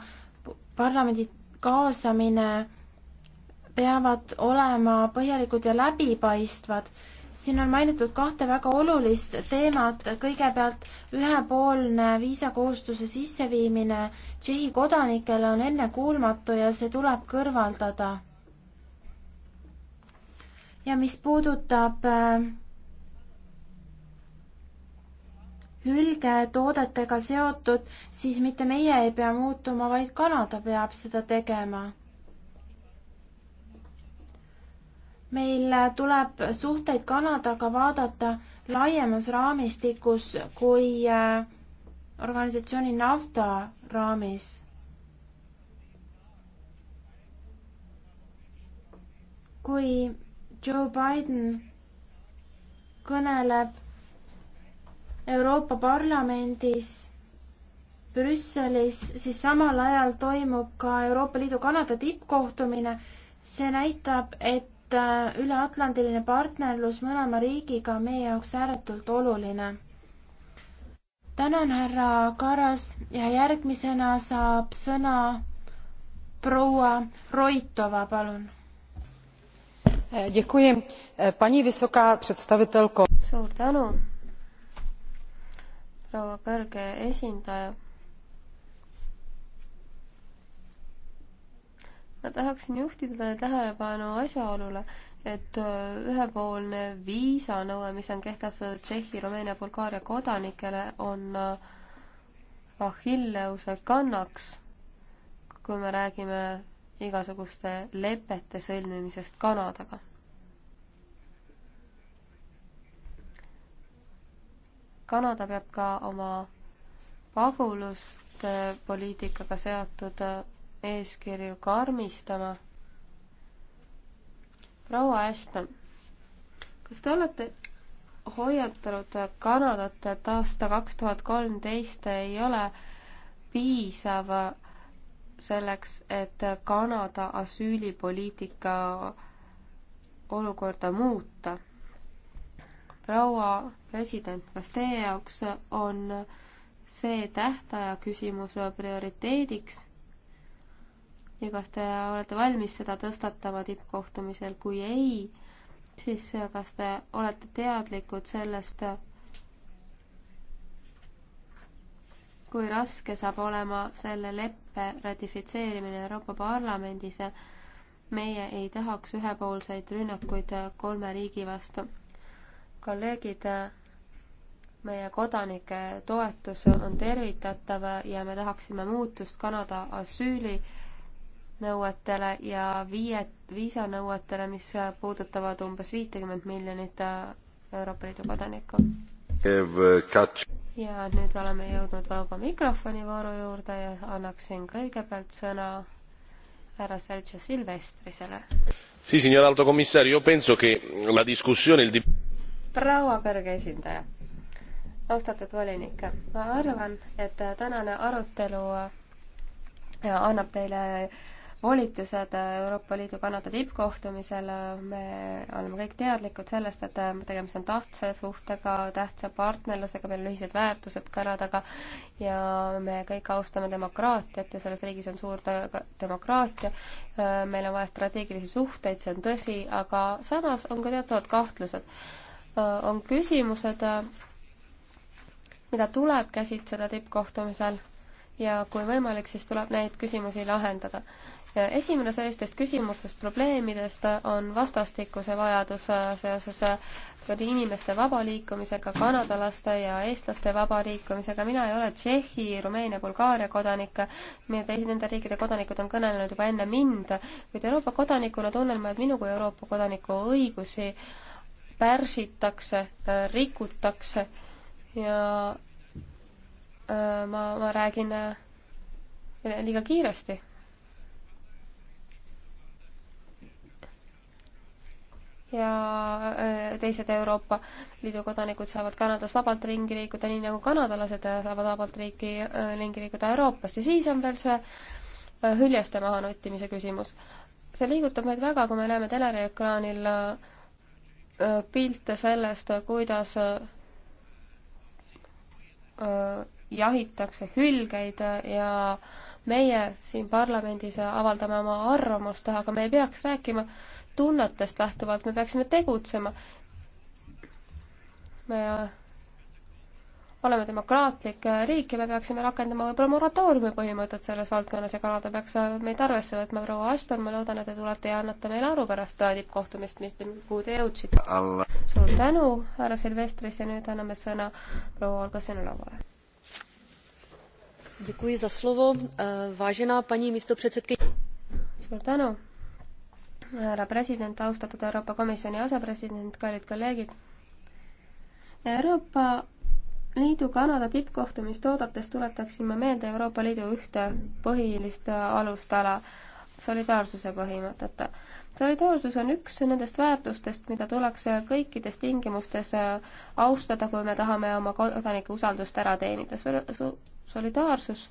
S3: parlamendi kaasamine peavad olema põhjalikud ja läbipaistvad siin on mainitud kahte väga olulist teemat, kõigepealt ühepoolne viisakohustuse sisseviimine Tšehhi kodanikele on ennekuulmatu ja see tuleb kõrvaldada. ja mis puudutab äh, hülgetoodetega seotud, siis mitte meie ei pea muutuma, vaid Kanada peab seda tegema meil tuleb suhteid Kanadaga vaadata laiemas raamistikus kui äh, organisatsiooni NAFTA raamis. kui Joe Biden kõneleb Euroopa Parlamendis Brüsselis, siis samal ajal toimub ka Euroopa Liidu Kanada tippkohtumine. see näitab, et et äh, üleatlandiline partnerlus mõlema riigiga on meie jaoks ääretult oluline. tänan, härra Karas ja järgmisena saab sõna proua Roitova, palun.
S2: suur tänu, proua kõrge esindaja tahaksin juhtida teie tähelepanu asjaolule, et äh, ühepoolne viisanõue, mis on kehtestatud Tšehhi, Rumeenia, Bulgaaria kodanikele, on äh, Achilleuse kannaks, kui me räägime igasuguste lepete sõlmimisest Kanadaga. Kanada peab ka oma paguluspoliitikaga seotud äh, eeskirju karmistama. proua Ashton, kas te olete hoiatanud Kanadat, et aasta kaks tuhat kolmteist ei ole piisav selleks, et Kanada asüülipoliitika olukorda muuta. proua president, kas teie jaoks on see tähtaja küsimus prioriteediks ja kas te olete valmis seda tõstatama tippkohtumisel, kui ei, siis kas te olete teadlikud sellest, kui raske saab olema selle leppe ratifitseerimine Euroopa Parlamendis. meie ei tahaks ühepoolseid rünnakuid kolme riigi vastu. kolleegid, meie kodanike toetus on tervitatav ja me tahaksime muutust Kanada asüüli nõuetele ja viie, viisanõuetele, mis puudutavad umbes viitekümmet miljonit äh, Euroopa Liidu kodanikku. ja nüüd oleme jõudnud vaba mikrofoni vooru juurde ja annaksin kõigepealt sõna härra Sergio Silvestrisele.
S1: Sì, signor Alto Commissario, io penso che la discussione il
S2: proua kõrge esindaja, austatud volinik, ma arvan, et tänane arutelu äh, annab teile volitused Euroopa Liidu Kanada tippkohtumisel, me oleme kõik teadlikud sellest, et tegemist on tahtsa suhtega, tähtsa partnerlusega, meil on ühised väärtused Kanadaga ja me kõik austame demokraatiat ja selles riigis on suur demokraatia. meil on vaja strateegilisi suhteid, see on tõsi, aga samas on ka teatavad kahtlused. on küsimused, mida tuleb käsitleda tippkohtumisel ja kui võimalik, siis tuleb neid küsimusi lahendada esimene sellistest küsimustest, probleemidest on vastastikuse vajadus äh, seoses äh, inimeste vaba liikumisega, kanadalaste ja eestlaste vaba liikumisega, mina ei ole Tšehhi, Rumeenia, Bulgaaria kodanik, meie nende riikide kodanikud on kõnelenud juba enne mind, kuid Euroopa kodanikuna tunnen ma, et minu kui Euroopa kodaniku õigusi pärsitakse, äh, rikutakse ja ma, ma räägin liiga kiiresti ja äh, teised Euroopa Liidu kodanikud saavad Kanadas vabalt ringi liikuda, nii nagu kanadalased äh, saavad vabalt riiki, äh, ringi liikuda Euroopast ja siis on veel see hüljeste mahanuttimise küsimus. see liigutab meid väga, kui me näeme teleriekraanil pilte sellest, kuidas jahitakse hülgeid ja meie siin parlamendis avaldame oma arvamust, aga me ei peaks rääkima tunnetest lähtuvalt me peaksime tegutsema. me oleme demokraatlik riik ja me peaksime rakendama võib-olla moratooriumi põhimõtet selles valdkonnas ja Kanada peaks meid arvesse võtma. proua Ashton, ma loodan, et te tulete ja annate meile aru pärast tippkohtumist, mis kuhu te jõudsite. suur tänu, härra Silvestris ja nüüd anname sõna proua Olga Sõnulavale eh, paní předsedající härra president, austatud Euroopa Komisjoni asepresident, kallid kolleegid. Euroopa Liidu Kanada tippkohtumist oodates tuletaksime meelde Euroopa Liidu ühte põhilist alustala, solidaarsuse põhimõtet. solidaarsus on üks nendest väärtustest, mida tuleks kõikides tingimustes austada, kui me tahame oma kodanike usaldust ära teenida. solidaarsus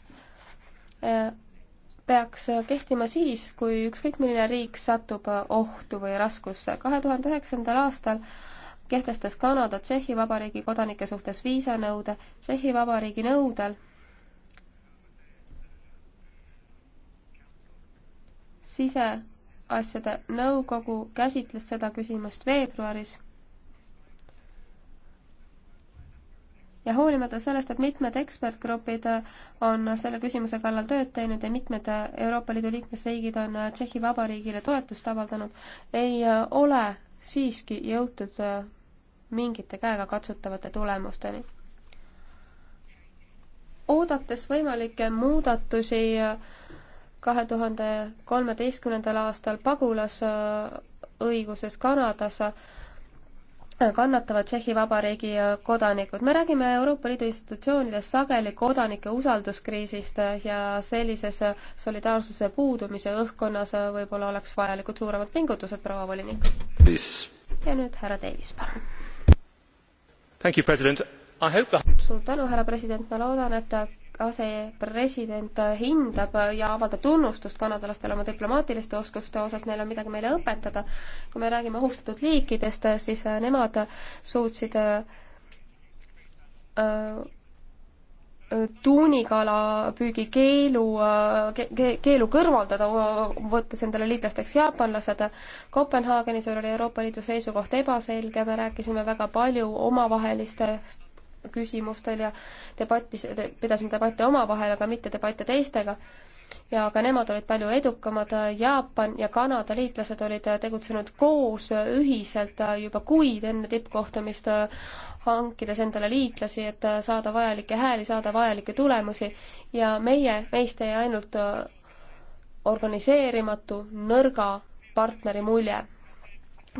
S2: peaks kehtima siis, kui ükskõik milline riik satub ohtu või raskusse. kahe tuhande üheksandal aastal kehtestas Kanada Tšehhi Vabariigi kodanike suhtes viisanõude Tšehhi Vabariigi nõudel siseasjade nõukogu käsitles seda küsimust veebruaris ja hoolimata sellest, et mitmed ekspertgrupid on selle küsimuse kallal tööd teinud ja mitmed Euroopa Liidu liikmesriigid on Tšehhi Vabariigile toetust avaldanud, ei ole siiski jõutud mingite käegakatsutavate tulemusteni. oodates võimalikke muudatusi kahe tuhande kolmeteistkümnendal aastal pagulasõiguses Kanadas kannatavad Tšehhi Vabariigi äh, kodanikud. me räägime Euroopa Liidu institutsioonidest sageli kodanike usalduskriisist äh, ja sellises äh, solidaarsuse puudumise õhkkonnas võib-olla oleks vajalikud suuremad pingutused, proua volinik. ja nüüd härra Davis, palun. suur tänu, härra president, ma loodan, et asepresident hindab ja avaldab tunnustust kanadalastele oma diplomaatiliste oskuste osas, neil on midagi meile õpetada. kui me räägime ohustatud liikidest, siis nemad suutsid äh, äh, tuunikala püügikeelu äh, ke,, keelu kõrvaldada, võttes endale liitlasteks jaapanlased. Kopenhaagenis oli Euroopa Liidu seisukoht ebaselge, me rääkisime väga palju omavahelistest küsimustel ja debatis, pidasime debatte omavahel, aga mitte debatte teistega. ja ka nemad olid palju edukamad, Jaapan ja Kanada liitlased olid tegutsenud koos ühiselt juba kuid enne tippkohtumist, hankides endale liitlasi, et saada vajalikke hääli, saada vajalikke tulemusi ja meie, meist jäi ainult organiseerimatu, nõrga partneri mulje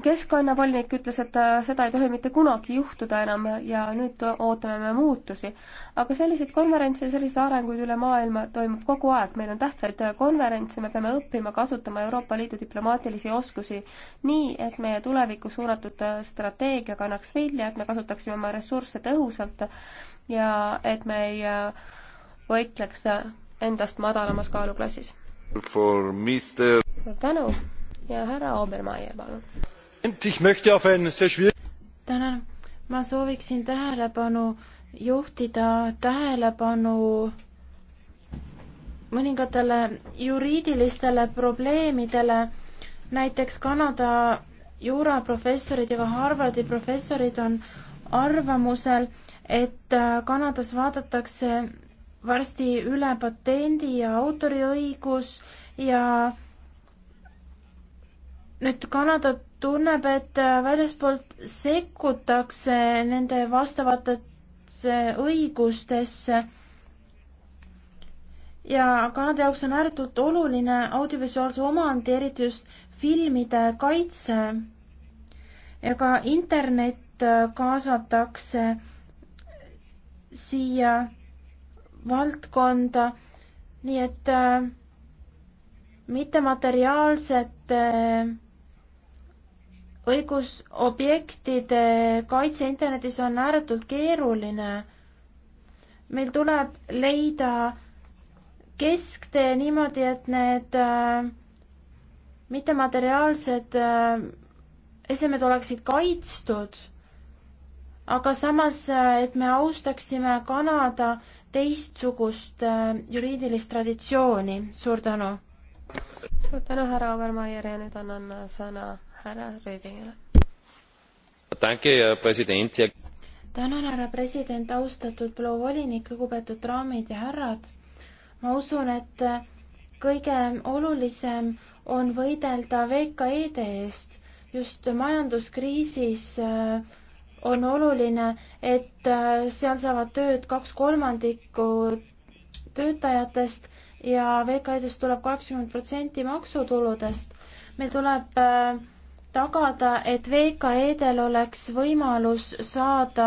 S2: keskkonnavolinik ütles, et äh, seda ei tohi mitte kunagi juhtuda enam ja nüüd ootame me muutusi. aga selliseid konverentse ja selliseid arenguid üle maailma toimub kogu aeg, meil on tähtsaid äh, konverentse, me peame õppima kasutama Euroopa Liidu diplomaatilisi oskusi nii, et meie tulevikku suunatud äh, strateegia kannaks vilja, et me kasutaksime oma ressursse tõhusalt ja et me ei võitleks endast madalamas kaaluklassis. suur tänu
S3: ja härra Obermeier, palun! tänan. ma sooviksin tähelepanu juhtida tähelepanu mõningatele juriidilistele probleemidele. näiteks Kanada juuraprofessorid ja ka Harvardi professorid on arvamusel, et Kanadas vaadatakse varsti üle patendi ja autoriõigus ja nüüd Kanada tunneb, et äh, väljaspoolt sekkutakse nende vastavatesse õigustesse ja kanade jaoks on ääretult oluline audiovisuaalse omandi, eriti just filmide kaitse. ja ka internet äh, kaasatakse siia valdkonda, nii et äh, mittemateriaalsete äh, õigusobjektide kaitse internetis on ääretult keeruline. meil tuleb leida kesktee niimoodi, et need äh, mittemateriaalsed äh, esemed oleksid kaitstud, aga samas, äh, et me austaksime Kanada teistsugust äh, juriidilist traditsiooni. suur tänu!
S2: suur tänu, härra Obermeier ja
S3: nüüd annan äh, sõna härra Röövingile.
S2: Äh,
S3: tänan, härra president, austatud proua volinik, lugupeetud daamid ja härrad. ma usun, et äh, kõige olulisem on võidelda VKE-de eest. just majanduskriisis äh, on oluline, et seal saavad tööd kaks kolmandikku töötajatest ja VKE-dest tuleb kaheksakümmend protsenti maksutuludest. meil tuleb tagada, et VKE-del oleks võimalus saada,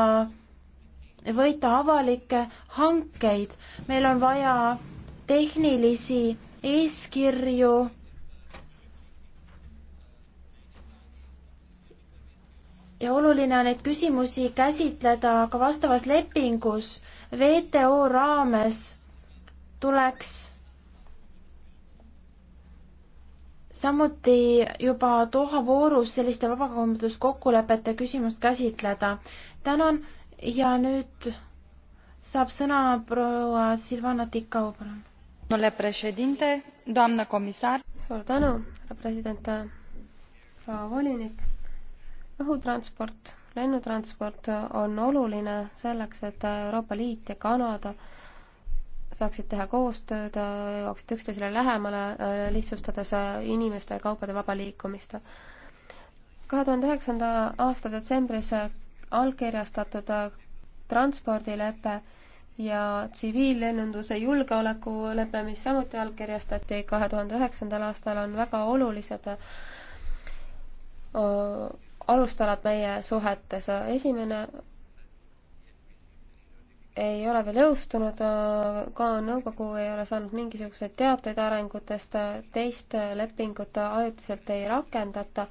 S3: võita avalikke hankeid. meil on vaja tehnilisi eeskirju. ja oluline on neid küsimusi käsitleda ka vastavas lepingus. WTO raames tuleks samuti juba Doha voorus selliste vabakaubanduskokkulepete küsimust käsitleda. tänan ja nüüd saab sõna proua Silvana Tikau, palun. suur tänu, härra president,
S2: proua volinik. õhutransport, lennutransport on oluline selleks, et Euroopa Liit ja Kanada saaksid teha koostööd, jõuaksid üksteisele lähemale, lihtsustades inimeste ja kaupade vaba liikumist. kahe tuhande üheksanda aasta detsembris allkirjastatud transpordilepe ja tsiviillennunduse julgeolekulepe, mis samuti allkirjastati kahe tuhande üheksandal aastal, on väga olulised äh, alustalad meie suhetes. esimene ei ole veel jõustunud, ka nõukogu ei ole saanud mingisuguseid teateid arengutest, teist lepingut ajutiselt ei rakendata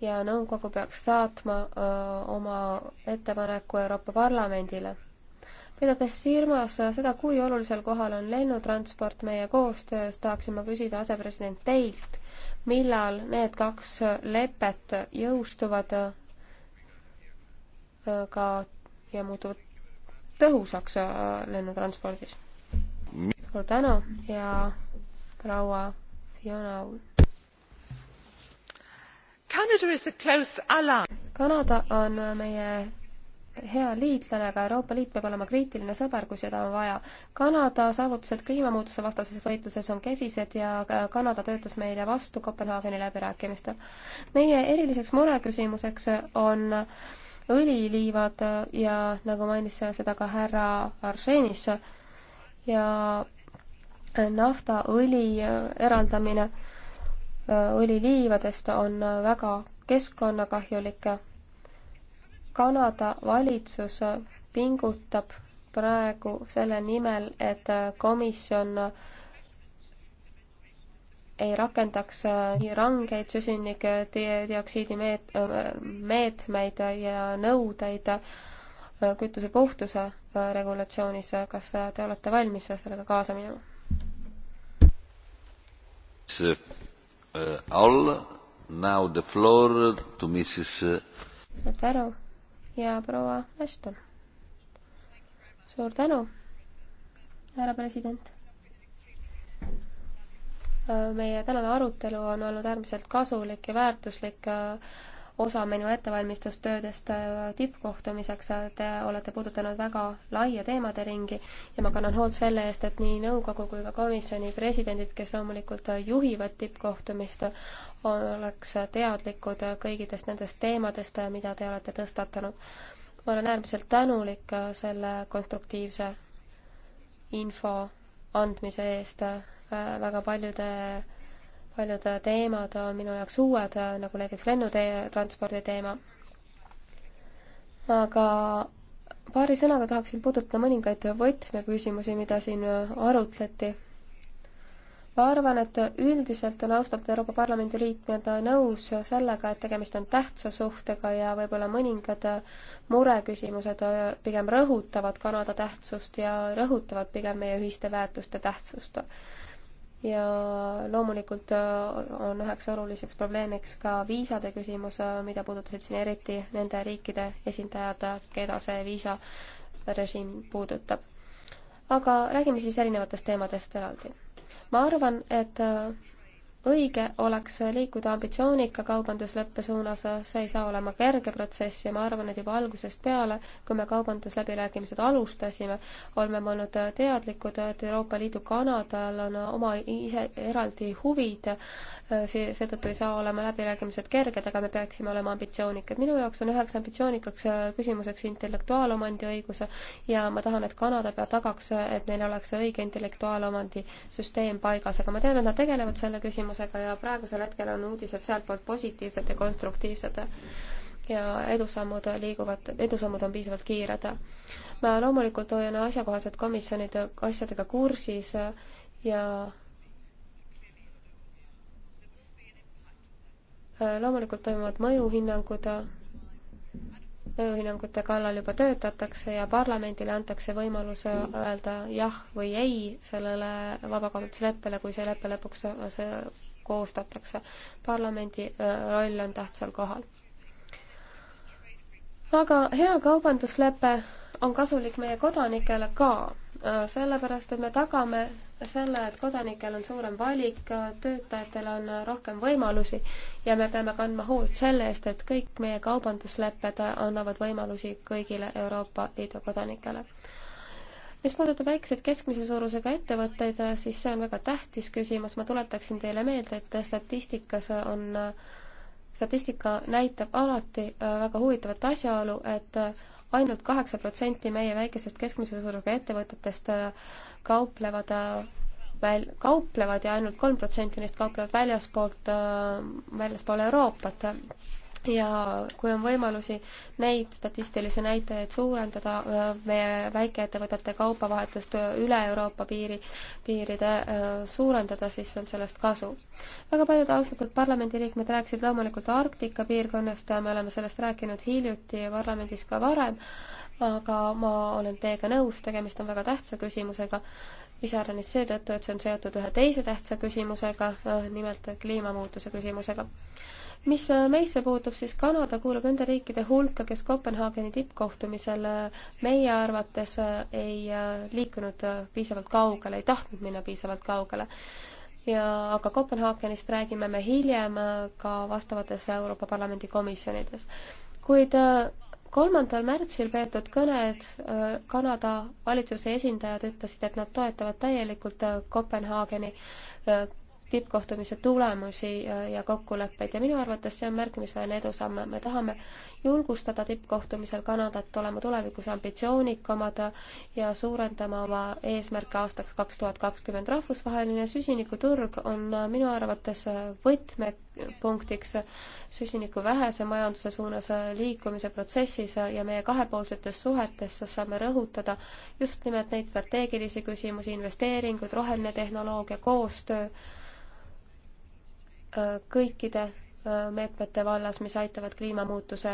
S2: ja nõukogu peaks saatma öö, äh, oma ettepaneku Euroopa Parlamendile. pidades silmas seda, kui olulisel kohal on lennutransport meie koostöös, tahaksin ma küsida asepresident teilt, millal need kaks lepet jõustuvad öö, äh, ka ja muutuvad tõhusaks äh, lennutranspordis. suur tänu ja proua Fiona Aul. Kanada on meie hea liitlane, aga Euroopa Liit peab olema kriitiline sõber, kui seda on vaja. Kanada saavutused kliimamuutuse vastases võitluses on kesised ja Kanada töötas meile vastu Kopenhaageni läbirääkimistel. meie eriliseks mureküsimuseks on äh, õliliivad ja nagu mainis seda ka härra Arsenis ja nafta, õli eraldamine äh, õliliivadest on väga keskkonnakahjulik. Kanada valitsus pingutab praegu selle nimel, et komisjon äh, ei rakendaks äh, nii rangeid süsinikdioksiidi meet-, äh, meetmeid ja nõudeid äh, kütuse puhtuse regulatsioonis, kas te olete valmis sellega kaasa minema? All, now the floor to Mrs. suur tänu ja proua Ashton. suur tänu, härra president meie tänane arutelu on olnud äärmiselt kasulik ja väärtuslik äh, osa minu ettevalmistustöödest äh, tippkohtumiseks. Äh, te olete puudutanud väga laia teemade ringi ja ma kannan hoolt selle eest, et nii nõukogu kui ka komisjoni presidendid, kes loomulikult juhivad tippkohtumist, oleks teadlikud kõigidest nendest teemadest, mida te olete tõstatanud. ma olen äärmiselt tänulik selle konstruktiivse info andmise eest Äh, väga paljude, paljud äh, teemad on minu jaoks uued, äh, nagu näiteks lennutee, transpordi teema. aga paari sõnaga tahaksin puudutada mõningaid võtmeküsimusi, mida siin arutleti. ma arvan, et üldiselt on austatud Euroopa Parlamendi liikmed nõus sellega, et tegemist on tähtsa suhtega ja võib-olla mõningad mureküsimused pigem rõhutavad Kanada tähtsust ja rõhutavad pigem meie ühiste väärtuste tähtsust ja loomulikult äh, on üheks oluliseks probleemiks ka viisade küsimus, äh, mida puudutasid siin eriti nende riikide esindajad, keda see viisarežiim puudutab. aga räägime siis erinevatest teemadest eraldi. ma arvan, et äh, õige oleks liikuda ambitsioonika kaubandusleppe suunas, see ei saa olema kerge protsess ja ma arvan, et juba algusest peale, kui me kaubandusläbirääkimised alustasime, oleme me olnud teadlikud, et Euroopa Liidu Kanadal on oma ise eraldi huvid, seetõttu ei saa olema läbirääkimised kerged, aga me peaksime olema ambitsioonikad. minu jaoks on üheks ambitsioonikaks küsimuseks intellektuaalomandi õiguse ja ma tahan, et Kanada pea tagaks, et neil oleks õige intellektuaalomandi süsteem paigas, aga ma tean, et nad tegelevad selle küsimusega, tulemusega ja praegusel hetkel on uudised sealtpoolt positiivsed ja konstruktiivsed ja edusammud liiguvad, edusammud on piisavalt kiired. ma loomulikult hoian asjakohased komisjonid asjadega kursis ja loomulikult toimuvad mõjuhinnangud mõjuhinnangute kallal juba töötatakse ja parlamendile antakse võimalus öelda jah või ei sellele vabakaubandusleppele, kui see lepe lõpuks see koostatakse. parlamendi äh, roll on tähtsal kohal. aga hea kaubanduslepe on kasulik meie kodanikele ka, äh, sellepärast et me tagame selle, et kodanikel on suurem valik, töötajatel on rohkem võimalusi ja me peame kandma hoolt selle eest, et kõik meie kaubanduslepped annavad võimalusi kõigile Euroopa Liidu kodanikele. mis puudutab väikseid keskmise suurusega ettevõtteid, siis see on väga tähtis küsimus, ma tuletaksin teile meelde, et statistikas on, statistika näitab alati väga huvitavat asjaolu, et ainult kaheksa protsenti meie väikesest keskmise suurusega ettevõtetest äh, kauplevad äh, väl-, kauplevad ja ainult kolm protsenti neist kauplevad väljaspoolt, äh, väljaspool Euroopat ja kui on võimalusi neid statistilisi näitajaid suurendada meie väikeettevõtete kaubavahetust üle Euroopa piiri, piiride suurendada, siis on sellest kasu. väga paljud austatud parlamendiliikmed rääkisid loomulikult Arktika piirkonnast ja me oleme sellest rääkinud hiljuti parlamendis ka varem, aga ma olen teiega nõus, tegemist on väga tähtsa küsimusega, iseäranis seetõttu, et see on seotud ühe teise tähtsa küsimusega, nimelt kliimamuutuse küsimusega mis äh, meisse puutub, siis Kanada kuulub nende riikide hulka, kes Kopenhaageni tippkohtumisel äh, meie arvates äh, ei liikunud piisavalt kaugele, ei tahtnud minna piisavalt kaugele. ja aga Kopenhaagenist räägime me hiljem ka vastavates Euroopa Parlamendi komisjonides. kuid kolmandal märtsil peetud kõned Kanada valitsuse esindajad ütlesid, et nad toetavad täielikult Kopenhaageni tippkohtumise tulemusi ja kokkuleppeid ja minu arvates see on märkimisväärne edusamm, me tahame julgustada tippkohtumisel Kanadat olema tulevikus ambitsioonikamad ja suurendama oma eesmärke aastaks kaks tuhat kakskümmend. rahvusvaheline süsinikuturg on minu arvates võtmepunktiks süsiniku vähese majanduse suunas liikumise protsessis ja meie kahepoolsetes suhetes saame rõhutada just nimelt neid strateegilisi küsimusi, investeeringud, roheline tehnoloogia, koostöö, kõikide meetmete vallas, mis aitavad kliimamuutuse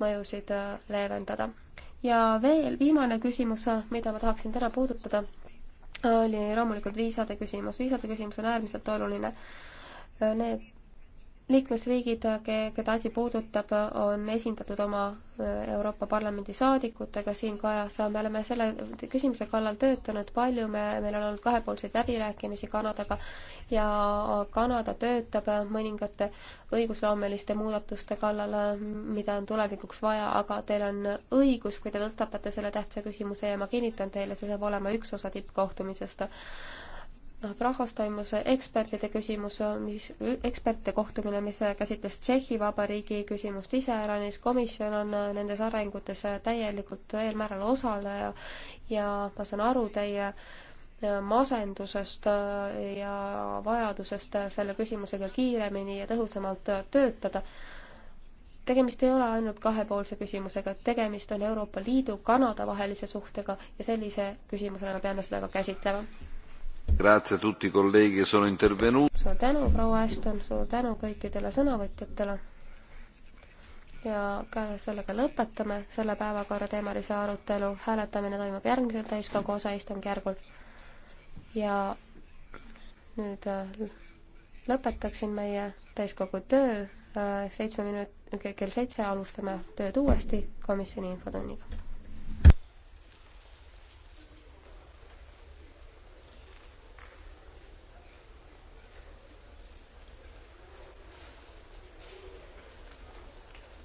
S2: mõjusid äh, leevendada. ja veel viimane küsimus, äh, mida ma tahaksin täna puudutada, oli loomulikult viisade küsimus. viisade küsimus on äärmiselt oluline. Äh, need liikmesriigid, keda asi puudutab, on esindatud oma Euroopa Parlamendi saadikutega siin kajas, me oleme selle küsimuse kallal töötanud palju, me, meil on olnud kahepoolseid läbirääkimisi Kanadaga ja Kanada töötab mõningate õigusloomeliste muudatuste kallal, mida on tulevikuks vaja, aga teil on õigus, kui te tõstatate selle tähtsa küsimuse ja ma kinnitan teile, see saab olema üks osa tippkohtumisest Prahos noh, toimus ekspertide küsimus, mis, ekspertide kohtumine, mis käsitles Tšehhi Vabariigi küsimust iseäranis, komisjon on nendes arengutes täielikult eelmääral osaleja ja ma saan aru teie masendusest ja vajadusest selle küsimusega kiiremini ja tõhusamalt töötada. tegemist ei ole ainult kahepoolse küsimusega, tegemist on Euroopa Liidu, Kanada vahelise suhtega ja sellise küsimusena me peame seda ka käsitlema suur tänu, proua Ashton, suur tänu kõikidele sõnavõtjatele. ja ka sellega lõpetame selle päevakorra teemalise arutelu. hääletamine toimub järgmisel täiskogu osaistungjärgul. ja nüüd äh, lõpetaksin meie täiskogu töö. Äh, seitsme minut-, kell seitse alustame tööd uuesti komisjoni infotunniga